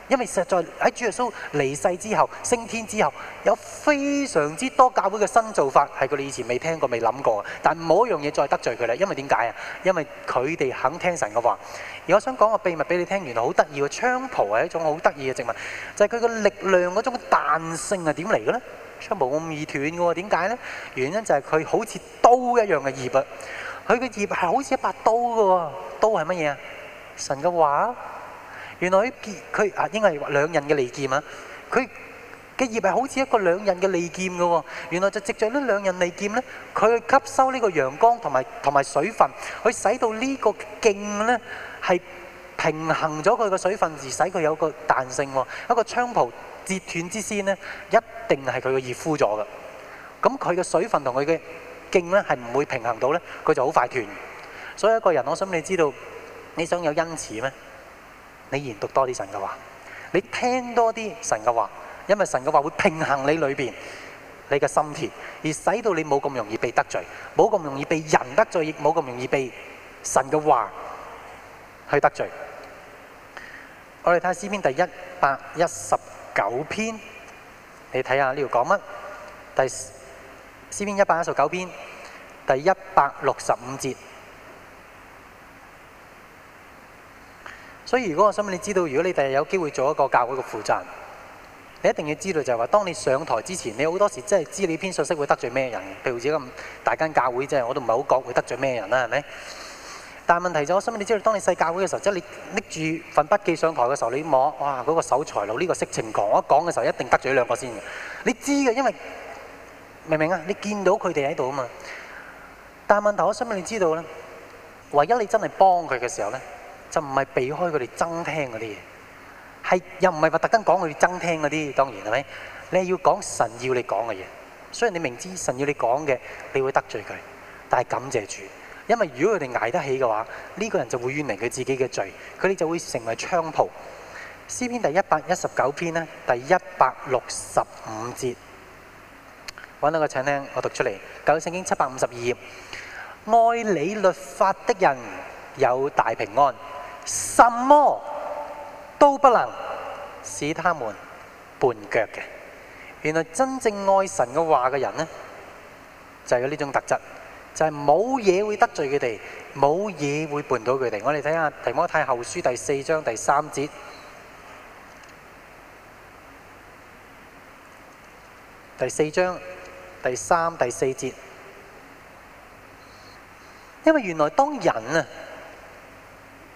因為實在喺主耶穌離世之後、升天之後，有非常之多教會嘅新做法係佢哋以前未聽過、未諗過。但係冇一樣嘢再得罪佢啦。因為點解啊？因為佢哋肯聽神嘅話。而我想講個秘密俾你聽，原來好得意嘅菖蒲係一種好得意嘅植物，就係佢嘅力量嗰種彈性係點嚟嘅呢？菖蒲冇咁易斷嘅喎，點解咧？原因就係佢好似刀一樣嘅葉，佢嘅葉係好似一把刀嘅喎。刀係乜嘢啊？神嘅話。原來佢葉佢啊，應該係兩刃嘅利劍啊。佢嘅葉係好似一個兩刃嘅利劍嘅喎。原來就藉著呢兩刃利劍咧，佢去吸收呢個陽光同埋同埋水分，去使到呢個莖咧係平衡咗佢嘅水分，而使佢有個彈性，一個菖蒲。截斷之先呢，一定係佢個熱敷咗㗎。咁佢個水分同佢嘅勁呢，係唔會平衡到呢。佢就好快斷。所以一個人，我想你知道，你想有恩慈咩？你研讀多啲神嘅話，你聽多啲神嘅話，因為神嘅話會平衡你裏邊你嘅心田，而使到你冇咁容易被得罪，冇咁容易被人得罪，亦冇咁容易被神嘅話去得罪。我哋睇下詩篇第一百一十。九篇，你睇下呢條講乜？第詩篇一百一十九篇第一百六十五節。所以如果我想問你知道，如果你第日有機會做一個教會嘅負責，你一定要知道就係話，當你上台之前，你好多時真係知你篇信息會得罪咩人？譬如而咁，大間教會即係，我都唔係好覺會得罪咩人啦，係咪？但係問題就，我想問你知道，當你細教會嘅時候，即係你拎住份筆記上台嘅時候，你望，哇，嗰個守財奴呢個色情狂，我一講嘅時候一定得罪呢兩個先嘅。你知嘅，因為明唔明啊？你見到佢哋喺度啊嘛。但係問題，我想問你知道咧，唯一你真係幫佢嘅時候咧，就唔係避開佢哋爭聽嗰啲嘢，係又唔係話特登講佢哋爭聽嗰啲，當然係咪？你係要講神要你講嘅嘢，雖然你明知神要你講嘅，你會得罪佢，但係感謝主。因為如果佢哋捱得起嘅話，呢、這個人就會遠離佢自己嘅罪，佢哋就會成為菖蒲。詩篇第一百一十九篇咧，第一百六十五節，揾到個請聽，我讀出嚟，舊聖經七百五十二頁，愛你律法的人有大平安，什麼都不能使他們絆腳嘅。原來真正愛神嘅話嘅人呢，就係有呢種特質。就係冇嘢會得罪佢哋，冇嘢會絆倒佢哋。我哋睇下提摩太後書第四章第三節，第四章第三第四節。因為原來當人啊，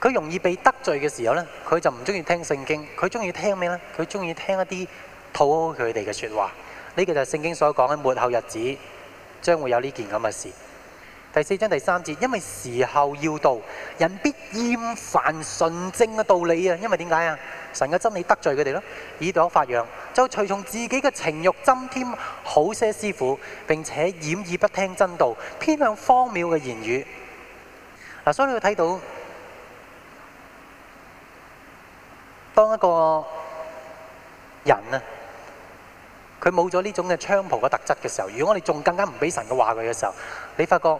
佢容易被得罪嘅時候咧，佢就唔中意聽聖經，佢中意聽咩咧？佢中意聽一啲討好佢哋嘅説話。呢個就係聖經所講嘅末後日子將會有呢件咁嘅事。第四章第三節，因為時候要到，人必厭煩純正嘅道理啊，因為點解啊？神嘅真理得罪佢哋咯，耳朵發癢，就隨從自己嘅情慾增添好些師傅，並且掩耳不聽真道，偏向荒謬嘅言語。你發覺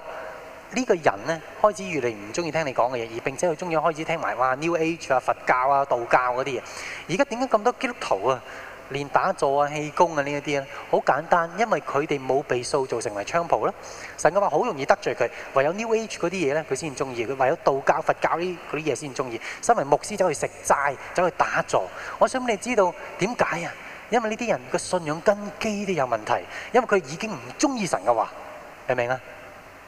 呢個人咧開始越嚟越唔中意聽你講嘅嘢，而並且佢中意開始聽埋話 New Age 啊、佛教啊、道教嗰啲嘢。而家點解咁多基督徒啊，練打坐啊、氣功啊呢一啲咧？好簡單，因為佢哋冇被塑造成為菖蒲啦。神嘅話好容易得罪佢，唯有 New Age 嗰啲嘢咧佢先中意，佢唯有道教、佛教呢嗰啲嘢先中意。身為牧師走去食齋，走去打坐。我想你知道點解啊？因為呢啲人個信仰根基都有問題，因為佢已經唔中意神嘅話，明唔明啊？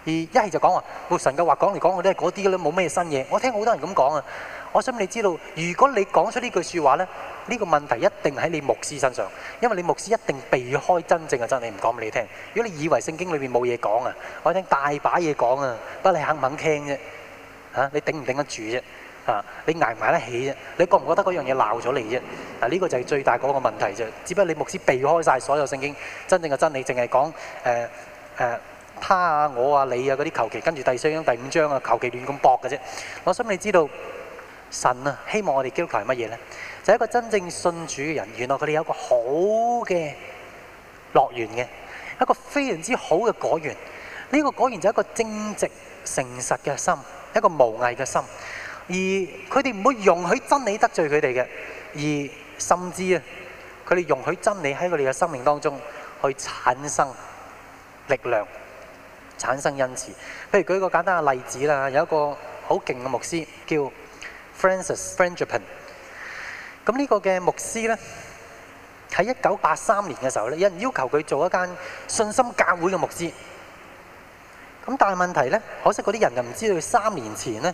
而一係就講話，神嘅話講嚟講去，都係嗰啲嘅咧，冇咩新嘢。我聽好多人咁講啊！我想你知道，如果你講出呢句説話咧，呢個問題一定喺你牧師身上，因為你牧師一定避開真正嘅真理，唔講俾你聽。如果你以為聖經裏邊冇嘢講啊，我聽大把嘢講啊，不過你肯唔肯聽啫？嚇，你頂唔頂得住啫？嚇，你捱唔捱得起啫？你覺唔覺得嗰樣嘢鬧咗你啫？嗱，呢個就係最大嗰個問題啫，只不過你牧師避開晒所有聖經真正嘅真理，淨係講誒誒。他啊，我啊，你啊，嗰啲求其跟住第三章、第五章啊，求其亂咁搏嘅啫。我想你知道神啊，希望我哋要求係乜嘢咧？就是，一個真正信主嘅人。原來佢哋有一個好嘅樂園嘅，一個非常之好嘅果園呢，這個果園就是一個正直、誠實嘅心，一個無畏嘅心。而佢哋唔會容許真理得罪佢哋嘅，而甚至啊，佢哋容許真理喺佢哋嘅生命當中去產生力量。產生恩慈。譬如舉一個簡單嘅例子啦，有一個好勁嘅牧師叫 Francis Frangipane。咁呢個嘅牧師咧，喺一九八三年嘅時候咧，有人要求佢做一間信心教會嘅牧師。咁但係問題咧，可惜嗰啲人就唔知道佢三年前咧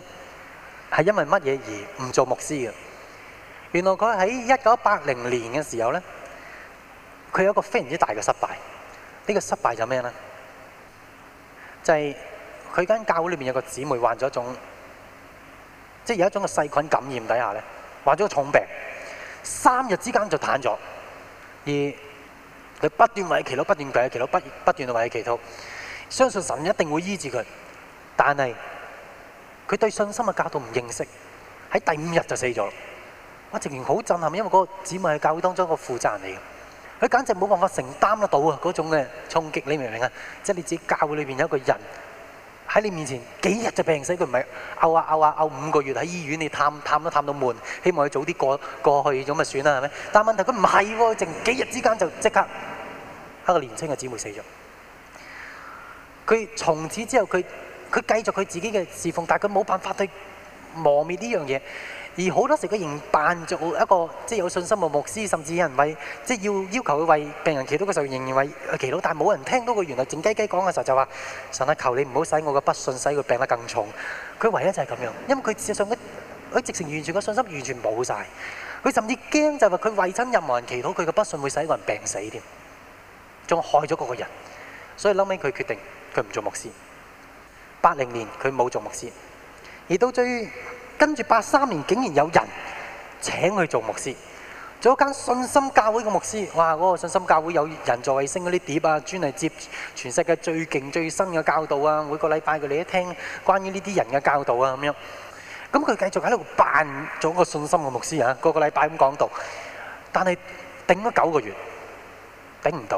係因為乜嘢而唔做牧師嘅。原來佢喺一九八零年嘅時候咧，佢有一個非常之大嘅失敗。呢個失敗就係咩咧？就係佢間教會裏面有個姊妹患咗一種，即係有一種嘅細菌感染底下咧，患咗個重病，三日之間就癱咗，而佢不斷為佢祈禱，不斷為佢祈禱，不斷為佢祈、祈禱，相信神一定會醫治佢，但係佢對信心嘅教導唔認識，喺第五日就死咗。我直然好震撼，因為個姊妹喺教會當中一個負責人嚟嘅。佢簡直，冇辦法承擔得到，嗰種衝擊，你明唔明？即係你自己教會裏面有一個人，喺你面前幾日就病死，佢唔係拗啊拗啊拗啊，拗五個月喺醫院，你探探都探到悶，希望佢早啲過去，咁咪算啦，係咪？而好多時佢仍扮做一個即係有信心嘅牧師，甚至有人為即係要要求佢為病人祈禱嘅時候，仍然為祈禱，但係冇人聽到，佢原來靜雞雞講嘅時候就話：神啊，求你唔好使我嘅不信使佢病得更重。佢唯一就係咁樣，因為佢事實上佢直情完全嘅信心完全冇曬。佢甚至驚就係話佢為親任何人祈禱，佢嘅不信會使嗰人病死添，仲害咗嗰個人。所以後尾佢決定佢唔做牧師。八零年佢冇做牧師，而到最。跟住八三年，竟然有人請佢做牧師，做一間信心教會嘅牧師。哇！嗰個信心教會有人造衛星嗰啲碟啊，專嚟接全世界最勁最新嘅教導啊！每個禮拜佢哋一聽，關於呢啲人嘅教導啊咁樣。咁佢繼續喺度扮咗個信心嘅牧師啊，個個禮拜咁講道，但係頂咗九個月，頂唔到，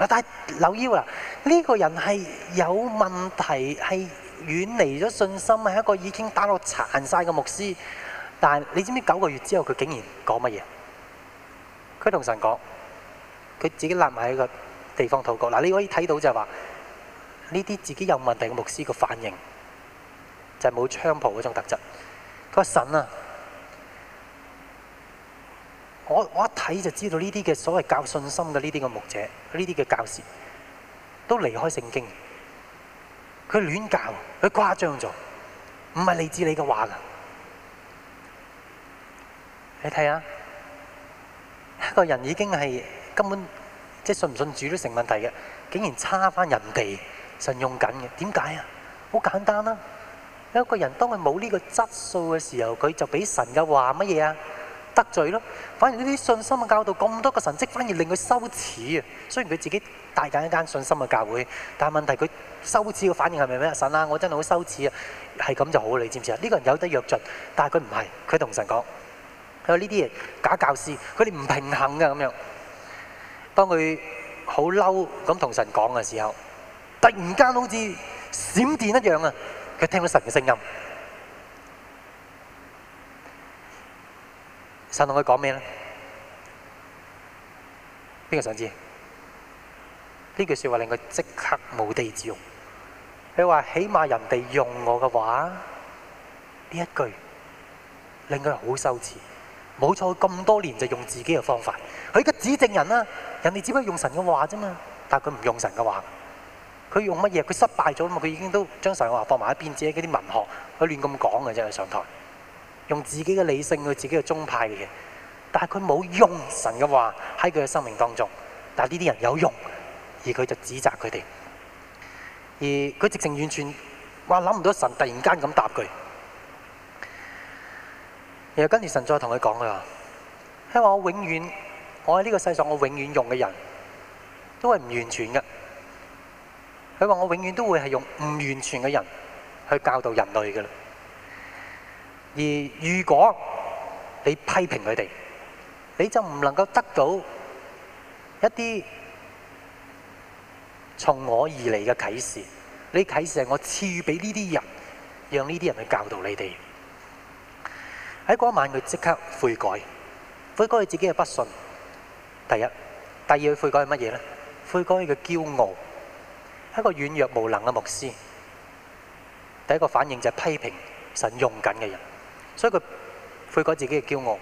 嗱，但係扭腰啦！呢個人係有問題係。遠離咗信心，係一個已經打到殘晒嘅牧師。但係你知唔知道九個月之後佢竟然講乜嘢？佢同神講，佢自己立埋喺個地方禱告。嗱，你可以睇到就係話呢啲自己有問題嘅牧師嘅反應，就係冇菖蒲嗰種特質。佢話神啊，我我一睇就知道呢啲嘅所謂教信心嘅呢啲嘅牧者，呢啲嘅教士都離開聖經。佢亂教，佢誇張咗，唔係嚟自你嘅話噶。你睇下，一個人已經係根本即係信唔信主都成問題嘅，竟然差翻人哋神用緊嘅，點解啊？好簡單啦，有一個人當佢冇呢個質素嘅時候，佢就畀神嘅話乜嘢啊？得罪咯，反而呢啲信心嘅教導咁多個神跡，反而令佢羞恥啊！雖然佢自己帶緊一間信心嘅教會，但係問題佢羞恥嘅反應係咪咩神啊？我真係好羞恥啊！係咁就好，你知唔知啊？呢個人有得約盡，但係佢唔係，佢同神講，佢話呢啲嘢假教師，佢哋唔平衡嘅咁樣。當佢好嬲咁同神講嘅時候，突然間好似閃電一樣啊！佢聽到神嘅聲音。神同佢講咩咧？邊個想知？呢句説話令佢即刻無地自容。佢話：起碼人哋用我嘅話，呢一句令佢好羞恥。冇錯，咁多年就用自己嘅方法。佢嘅指證人啊，人哋只可以用神嘅話啫嘛。但佢唔用神嘅話，佢用乜嘢？佢失敗咗嘛？佢已經都將神嘅話放埋一邊，自己嗰啲文學，佢亂咁講嘅啫。佢上台。用自己嘅理性去自己嘅宗派嚟嘅，但係佢冇用神嘅話喺佢嘅生命當中。但係呢啲人有用，而佢就指責佢哋，而佢直情完全話諗唔到神突然間咁答佢。然後跟住神再同佢講佢話，我永遠我喺呢個世上我永遠用嘅人都係唔完全嘅。佢話我永遠都會係用唔完全嘅人去教導人類嘅。而如果你批評佢哋，你就唔能夠得到一啲從我而來嘅啟示。你啟示係我賜予俾呢啲人，讓呢啲人去教導你哋。喺嗰晚佢即刻悔改，悔改佢自己嘅不信。第一，第二佢悔改係乜嘢呢？悔改佢嘅驕傲，係一個軟弱無能嘅牧師。第一個反應就係批評神用緊嘅人。所以佢悔改自己嘅驕傲，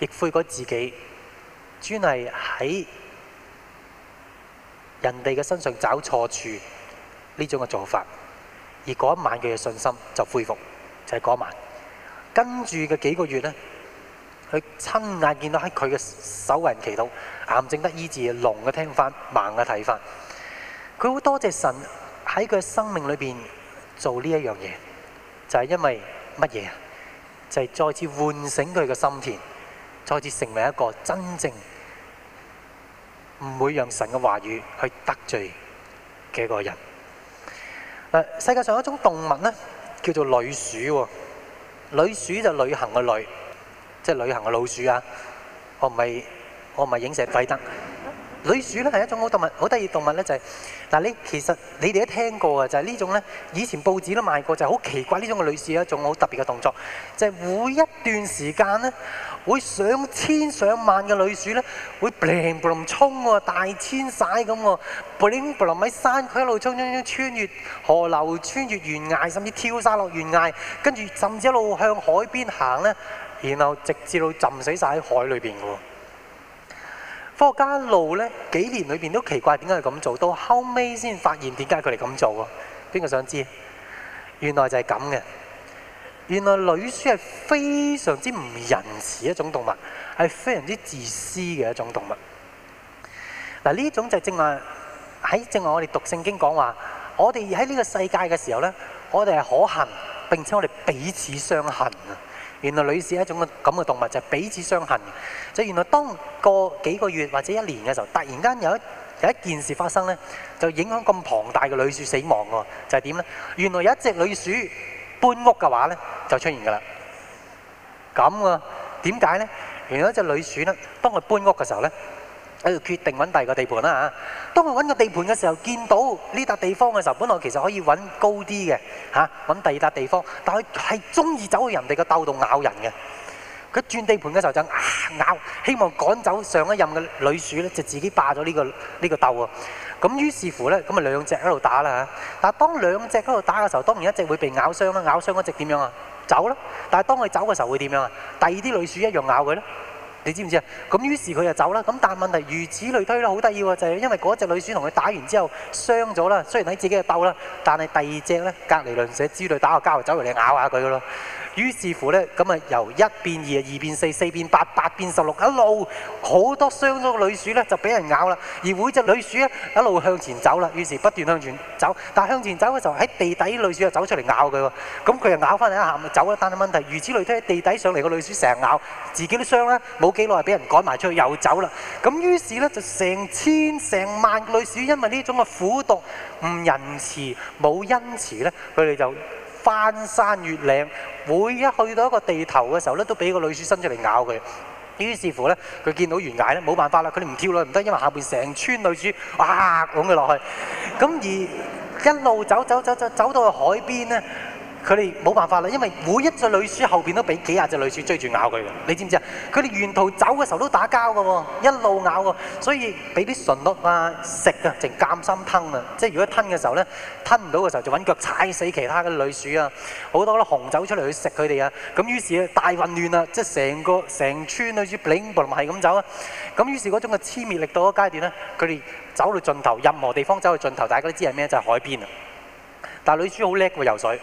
亦悔改自己專係喺人哋嘅身上找錯處呢種嘅做法，而嗰一晚佢嘅信心就恢復，就係、是、嗰晚。跟住嘅幾個月咧，佢親眼見到喺佢嘅手為人祈禱，癌症得醫治，聾嘅聽翻，盲嘅睇翻。佢好多謝神喺佢嘅生命裏邊做呢一樣嘢，就係、是、因為乜嘢啊？就係再次喚醒佢嘅心田，再次成為一個真正唔會讓神嘅話語去得罪嘅一個人。嗱，世界上有一種動物呢，叫做旅鼠喎。旅鼠就旅行嘅旅，即係旅行嘅老鼠啊。我唔係，我唔係影石費德。旅鼠呢係一種好動物，好得意動物呢，就係，嗱，你其實你哋都聽過啊，就係、是、呢種呢。以前報紙都賣過，就係、是、好奇怪呢種嘅旅鼠有一種好特別嘅動作，就係、是、每一段時間呢，會上千上萬嘅旅鼠呢會砰砰沖喎，大遷徙咁喎，砰砰喺山區一路衝衝衝，穿越河流、穿越懸崖，甚至跳沙落懸崖，跟住甚至一路向海邊行呢，然後直至到浸死晒喺海裏邊嘅喎。科學家路咧幾年裏邊都奇怪點解佢咁做，到後尾先發現點解佢哋咁做喎？邊個想知道？原來就係咁嘅。原來女書係非常之唔仁慈一種動物，係非常之自私嘅一種動物。嗱，呢種就正話喺正話我哋讀聖經講話，我哋喺呢個世界嘅時候咧，我哋係可恨並且我哋彼此相恨啊！原來老鼠係一種咁嘅動物，就係、彼此相恨。所以原來當過幾個月或者一年嘅時候，突然間有一有一件事發生咧，就影響咁龐大嘅老鼠死亡喎。就係點咧？原來有一隻老鼠搬屋嘅話咧，就出現㗎啦。咁啊，點解咧？原來一隻老鼠咧，當佢搬屋嘅時候咧。喺度決定揾第二個地盤啦嚇！當佢揾個地盤嘅時候，見到呢笪地方嘅時候，本來其實可以揾高啲嘅嚇，揾第二笪地方，但係佢係中意走去人哋個竇度咬人嘅。佢轉地盤嘅時候就咬，希望趕走上一任嘅女鼠咧，就自己霸咗呢個呢個竇啊。咁於是乎咧，咁咪兩隻喺度打啦嚇。但係當兩隻喺度打嘅時候，當然一隻會被咬傷啦。咬傷嗰隻點樣啊？走囉！但係當佢走嘅時候會點樣啊？第二啲女鼠一樣咬佢咧。你知唔知啊？咁於是佢就走啦。咁但問題，如此類推啦，好得意喎，就係、是、因為嗰隻女鼠同佢打完之後傷咗啦。雖然喺自己嘅鬥啦，但係第二隻呢，隔離鄰舍之類打個交，走嚟嚟咬下佢咯。於是乎咧，咁啊由一變二，二變四，四變八，八變十六，一路好多傷咗個女鼠咧，就俾人咬啦。而每隻女鼠咧，一路向前走啦，於是不斷向前走。但向前走嘅時候，喺地底女鼠就走出嚟咬佢喎。咁佢又咬翻嚟一下，咪走啦，但係問題，如此類推，地底上嚟個女鼠成日咬自己啲傷啦。冇幾耐啊，俾人趕埋出去又走啦。咁於是咧就成千成萬個女鼠，因為呢種嘅苦毒、唔仁慈、冇恩慈咧，佢哋就～翻山越嶺，每一去到一個地頭嘅時候咧，都俾個女鼠伸出嚟咬佢。於是乎呢，佢見到懸崖咧，冇辦法啦，佢哋唔跳落去，唔得，因為下邊成村女鼠啊拱佢落去。咁而一路走走走走走到去海邊呢。佢哋冇辦法啦，因為每一隻老鼠後邊都俾幾廿隻老鼠追住咬佢嘅，你知唔知啊？佢哋沿途走嘅時候都打交嘅喎，一路咬喎，所以俾啲蟲鹿啊食啊，成鑊心吞啊，即係如果吞嘅時候咧，吞唔到嘅時候就揾腳踩死其他嘅老鼠啊，好多咧紅走出嚟去食佢哋啊，咁於是大混亂啊，即係成個成村老鼠全部同係咁走啊，咁於是嗰種嘅黐滅力到咗階段咧，佢哋走到盡頭，任何地方走到盡頭，大家都知係咩？就係海邊啊！但係老鼠好叻喎，游水。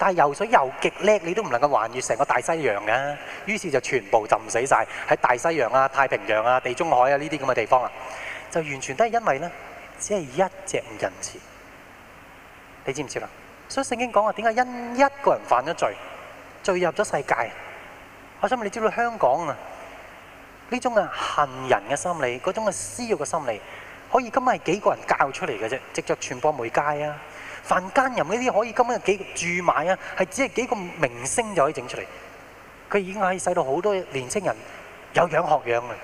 但係游水又極叻，你都唔能夠橫越成個大西洋噶。於是就全部浸死晒喺大西洋啊、太平洋啊、地中海啊呢啲咁嘅地方啊，就完全都係因為呢，只係一隻唔仁慈。你知唔知啦？所以聖經講話點解因一個人犯咗罪，罪入咗世界？我想問你知道香港啊，呢種啊，恨人嘅心理，嗰種嘅私欲嘅心理，可以今日係幾個人教出嚟嘅啫？藉着傳播媒介啊！凡間人嗰啲可以根本幾注買啊，係只係幾個明星就可以整出嚟。佢已經可以使到好多年青人有樣學樣啊！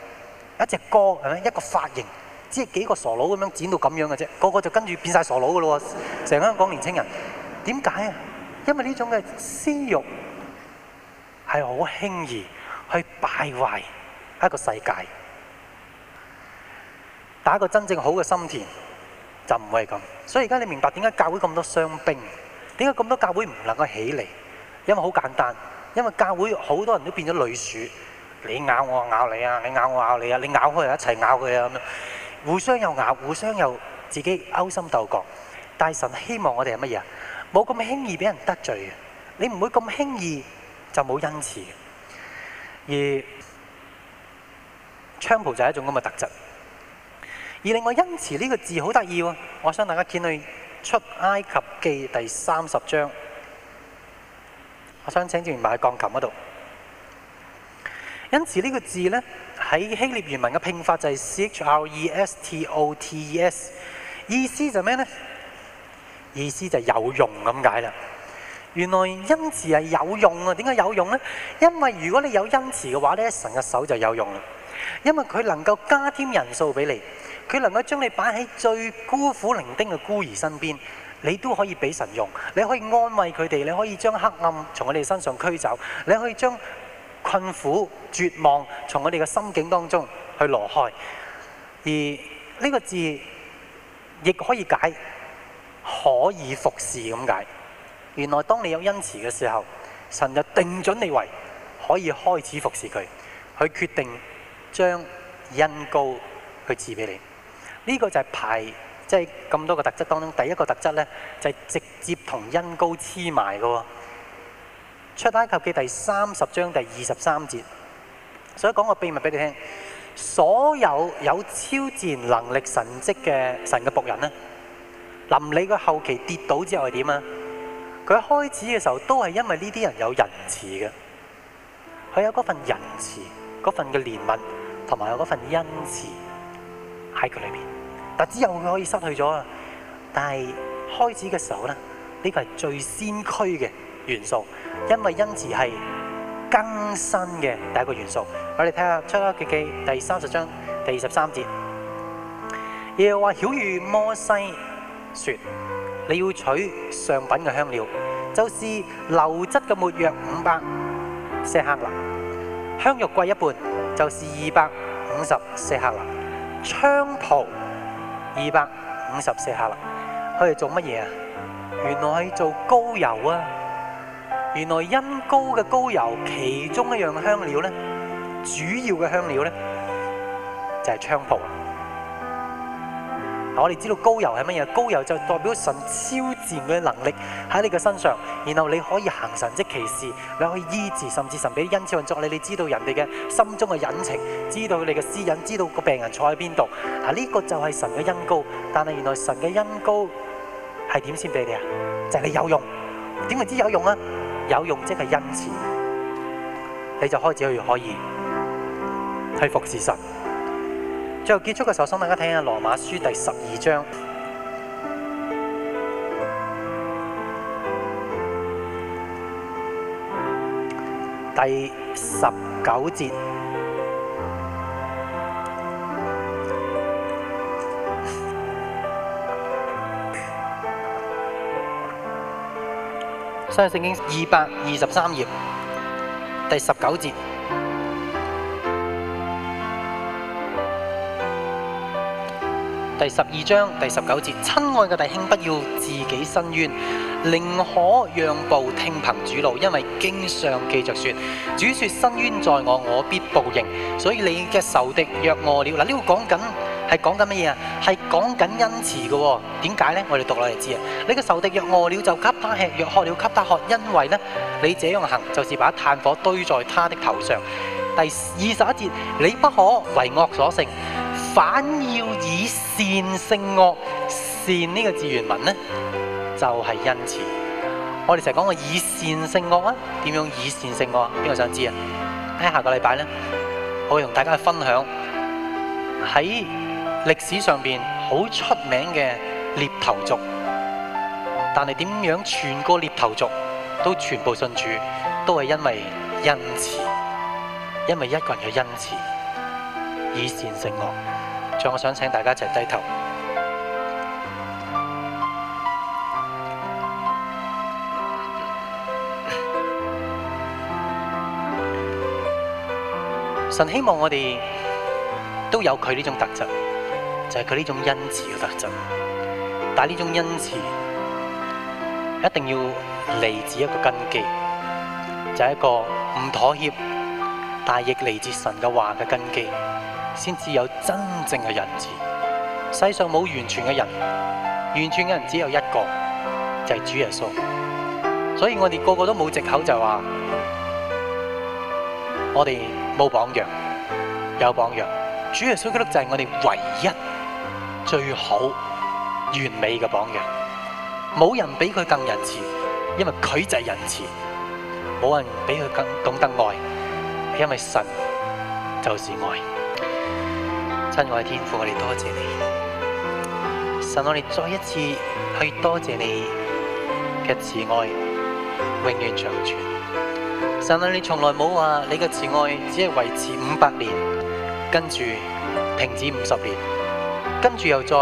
一隻歌係咪一個髮型，只係幾個傻佬咁樣剪到咁樣嘅啫，個個就跟住變曬傻佬噶咯喎！成個香港年青人點解啊？因為呢種嘅私慾係好輕易去敗壞一個世界，打一個真正好嘅心田。就唔會係咁，所以而家你明白點解教會咁多傷兵，點解咁多教會唔能夠起嚟？因為好簡單，因為教會好多人都變咗老鼠，你咬我咬你啊，你咬我咬你啊，你咬開又一齊咬佢啊咁樣，互相又咬，互相又自己勾心鬥角。大神希望我哋係乜嘢啊？冇咁輕易俾人得罪嘅，你唔會咁輕易就冇恩慈嘅。而菖蒲就係一種咁嘅特質。而另外恩慈呢個字好得意喎，我想大家見到出埃及記第三十章，我想請啲埋喺鋼琴嗰度。恩慈呢個字呢，喺希臘原文嘅拼法就係 C H R E S T O T E S，意思就咩呢？意思就有用咁解啦。原來恩慈係有用啊，點解有用呢？因為如果你有恩慈嘅話呢，神嘅手就有用啦，因為佢能夠加添人數俾你。佢能夠將你擺喺最孤苦伶仃嘅孤兒身邊，你都可以俾神用。你可以安慰佢哋，你可以將黑暗從我哋身上驅走，你可以將困苦、絕望從我哋嘅心境當中去挪開。而呢個字亦可以解，可以服侍咁解。原來當你有恩慈嘅時候，神就定準你為可以開始服侍佢。佢決定將恩膏去賜俾你。呢、這個就係排即係咁多個特質當中，第一個特質咧就係、是、直接同恩高黐埋嘅喎。出埃及記第三十章第二十三節，所以講個秘密俾你聽：所有有超自然能力神蹟嘅神嘅僕人咧，臨你個後期跌倒之後係點啊？佢開始嘅時候都係因為呢啲人有仁慈嘅，佢有嗰份仁慈、嗰份嘅憐憫同埋有嗰份恩慈喺佢裏邊。但之後佢可以失去咗啊！但係開始嘅時候咧，呢個係最先驅嘅元素，因為恩慈係更新嘅第一個元素。我哋睇下出埃及記第三十章第二十三節，又話曉喻摩西説：你要取上品嘅香料，就是流質嘅沒藥五百舍克勒，香肉桂一半，就是二百五十舍克勒，菖蒲。二百五十四克啦，佢哋做乜嘢啊？原來係做膏油啊，原來陰膏嘅膏油其中一樣香料咧，主要嘅香料咧就係菖蒲。我哋知道膏油係乜嘢？膏油就是代表神超自然嘅能力喺你嘅身上，然後你可以行神跡奇事，你可以醫治，甚至神俾恩賜運作。你，你知道人哋嘅心中嘅隱情，知道你嘅私隱，知道個病人坐喺邊度。嗱、呢個就係神嘅恩膏，但係原來神嘅恩膏係點先俾你啊？就係、是、你有用，點為之有用啊？有用即係恩賜，你就開始去可以去服侍神。最後結束嘅時候，希望大家睇下《羅馬書》第十二章第十九節，新聖經二百二十三頁第十九節。第十二章第十九節，親愛嘅弟兄，不要自己伸冤，寧可讓步聽憑主怒，因為經上記着說：主說伸冤在我，我必報應。所以你嘅仇敵若餓了，嗱呢個講緊係講緊乜嘢啊？係講緊恩慈嘅。點解呢？我哋讀落嚟知啊。你嘅仇敵若餓了，就給他吃；若渴了，給他喝。因為呢，你這樣行，就是把炭火堆在他的頭上。第二十一節，你不可為惡所勝。反要以善勝惡，善呢個字原文呢，就係、是、恩慈。我哋成日講過以善勝惡啊，點樣以善勝惡？邊個想知啊？喺下個禮拜呢，我會同大家去分享喺歷史上面好出名嘅獵頭族，但係點樣全個獵頭族都全部信主，都係因為恩慈，因為一個人嘅恩慈以善勝惡。就我想請大家一齊、就是、低頭。 神希望我哋都有佢呢種特質，就係佢呢種恩慈嘅特質。但這呢種恩慈一定要來自一個根基，就係、是、一個唔妥協，但係亦來自神嘅話嘅根基。先至有真正嘅仁慈。世上冇完全嘅人，完全嘅人只有一個，就係主耶穌。所以我哋個個都冇借口就話我哋冇榜樣，有榜樣。主耶穌基督就係我哋唯一最好、完美嘅榜樣。冇人比佢更仁慈，因為佢就係仁慈。冇人比佢更懂得愛，因為神就是愛。親愛的天父，我哋多謝你，神，我哋再一次去多謝你嘅慈愛，永遠長存。神啊，你從來冇話你嘅慈愛只係維持五百年，跟住停止五十年，跟住又再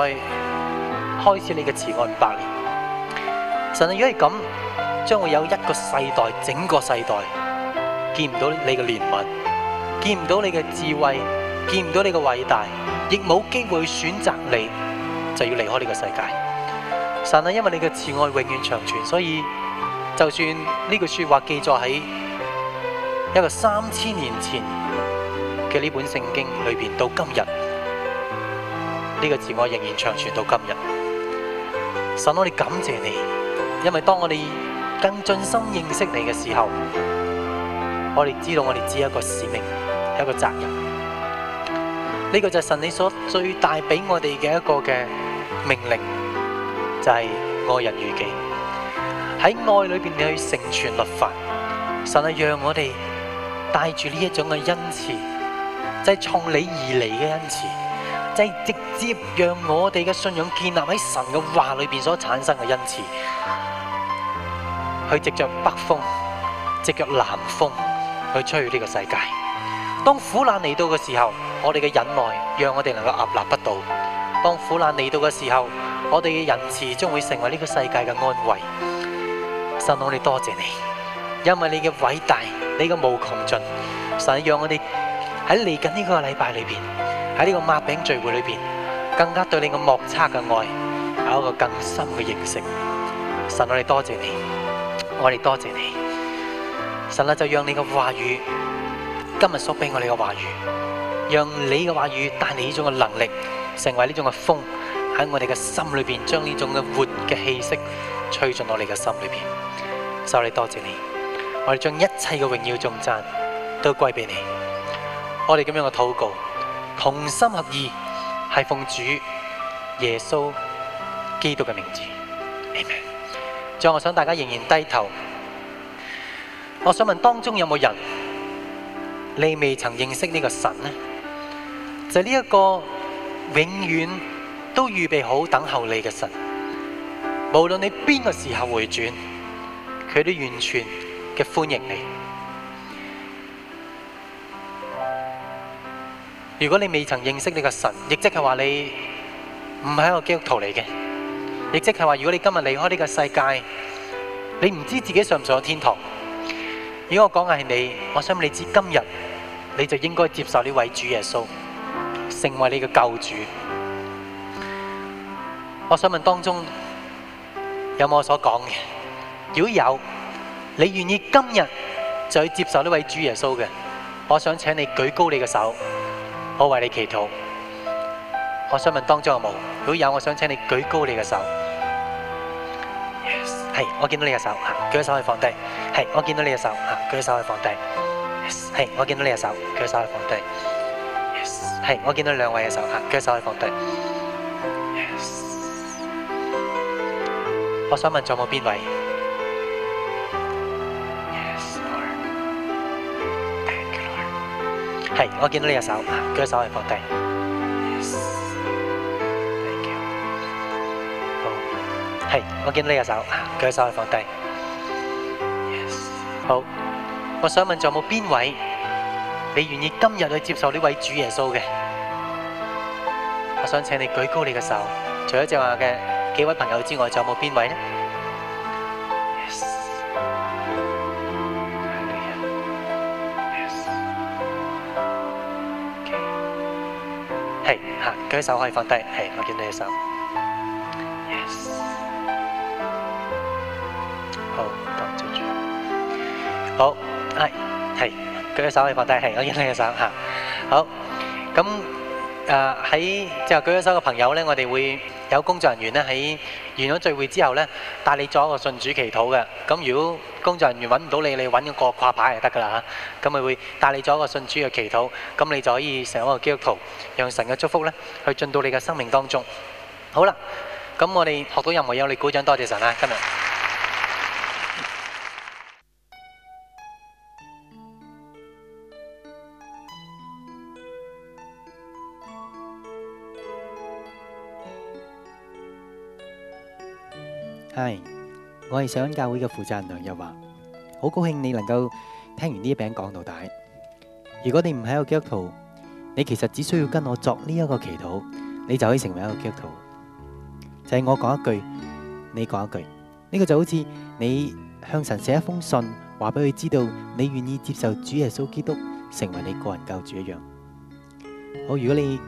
開始你嘅慈愛五百年。神啊，如果係咁，將會有一個世代，整個世代見唔到你嘅憐憫，見唔到你嘅智慧，見唔到你嘅偉大。亦冇機會選擇你，就要離開呢個世界。神啊，因為你嘅慈愛永遠長存，所以就算呢句說話記載喺一個三千年前嘅呢本聖經裏邊，到今日呢個慈愛仍然長存到今日。神，我哋感謝你，因為當我哋更盡心認識你嘅時候，我哋知道我哋只係一個使命，一個責任。呢、這個就是神你所最大給我哋嘅一個嘅命令，就是愛人如己。喺愛裏面，你去成全律法。神係讓我哋帶住呢一種嘅恩慈，就是從你而嚟嘅恩慈，就是直接讓我哋嘅信仰建立喺神嘅話裏面所產生嘅恩慈，去藉着北風，藉着南風去吹呢個世界。當苦難嚟到嘅時候，我哋嘅忍耐讓我哋能夠屹立不倒；當苦難嚟到嘅時候，我哋嘅仁慈將會成為呢個世界嘅安慰。神我哋多謝你，因為你嘅偉大，你嘅無窮盡，神讓我哋喺嚟緊呢個禮拜裏邊，喺呢個擘餅聚會裏邊，更加對你嘅莫測嘅愛有一個更深嘅認識。神我哋多謝你，我哋多謝你，神啊就讓你嘅話語。今日所俾我哋嘅話語，讓你嘅話語帶嚟呢種嘅能力，成為呢種嘅風喺我哋嘅心裏邊，將呢種嘅活嘅氣息吹進我哋嘅心裏邊。受你多謝你，我哋將一切嘅榮耀頌讚都歸俾你。我哋咁樣嘅禱告，同心合意，係奉主耶穌基督嘅名字。阿們。再我想大家仍然低頭，我想問當中有冇人？你未曾認識呢個神呢？就係呢一個永遠都預備好等候你嘅神，無論你邊個時候回轉，佢都完全嘅歡迎你。如果你未曾認識呢個神，亦即係話你唔係一個基督徒嚟嘅，亦即係話如果你今日離開呢個世界，你唔知自己上唔上天堂。如果我講嘅係你，我想你知今日。你就應該接受呢位主耶穌成為你嘅救主。我想問當中有冇我所講嘅？如果有，你願意今日就去接受呢位主耶穌嘅？我想請你舉高你嘅手，我為你祈禱。我想問當中有冇？如果有，我想請你舉高你嘅手。係、Yes，我見到你嘅手，舉手可以放低。係，我見到你嘅手，舉手可以放低。係，我見到你隻手，舉手嚟放低。係，我見到兩位嘅手，舉手嚟放低。我想問仲有冇邊位？係，我見到你隻手，舉手嚟放低。係，我見到你隻手，舉手嚟放低。好。我想問仲有冇邊位，你願意今日去接受呢位主耶穌嘅？我想請你舉高你嘅手。除咗正話嘅幾位朋友之外，仲有冇邊位呢？係吓，舉手可以放低，係，我見到你嘅手。好，多謝晒。好。係，係，舉咗手係，你放低，係，我見你嘅手吓，好，咁誒喺即係舉咗手嘅朋友咧，我哋會有工作人員咧喺完咗聚會之後咧，帶你做一個信主祈禱嘅。咁如果工作人員揾唔到你，你揾嗰個掛牌就得噶啦吓。咁咪會帶你做一個信主嘅祈禱，咁你就可以成為一個基督徒，讓神嘅祝福咧去進到你嘅生命當中。好啦，咁我哋學到任何嘢，你鼓掌多謝神啦，今日。我係上恩教會嘅負責人梁日華，好高興你能夠聽完呢一篇講道。如果你唔喺個基督徒，你其實只需要跟我作呢一個祈禱，你就可以成為一個基督徒。就係我講一句，你講一句，呢個就好似你向神寫一封信，話俾佢知道你願意接受主耶穌基督成為你個人救主一樣。好，如果你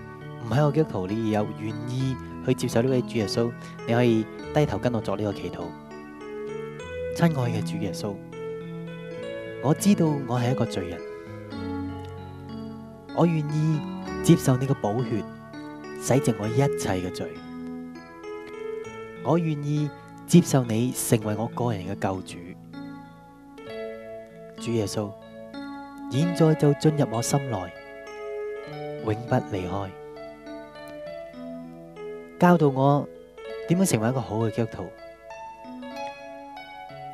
唔喺個基督徒，你有願意去接受呢位主耶穌，你可以低頭跟我作呢個祈禱。親愛嘅主耶穌，我知道我係一個罪人，我願意接受你嘅寶血洗淨我一切嘅罪，我願意接受你成為我個人嘅救主。主耶穌，現在就進入我心內，永不離開，教導我點樣成為一個好嘅基督徒。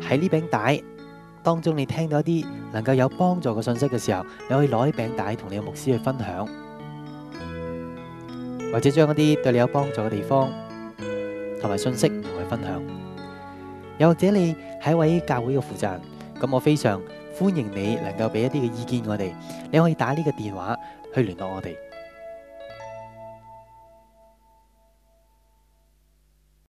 喺呢餅帶當中，你聽到一啲能夠有幫助嘅信息嘅時候，你可以攞呢餅帶同你嘅牧師去分享，或者將一啲對你有幫助嘅地方同埋信息同佢分享。又或者你係一位教會嘅負責人，咁我非常歡迎你能夠俾一啲嘅意見我哋。你可以打呢個電話去聯絡我哋。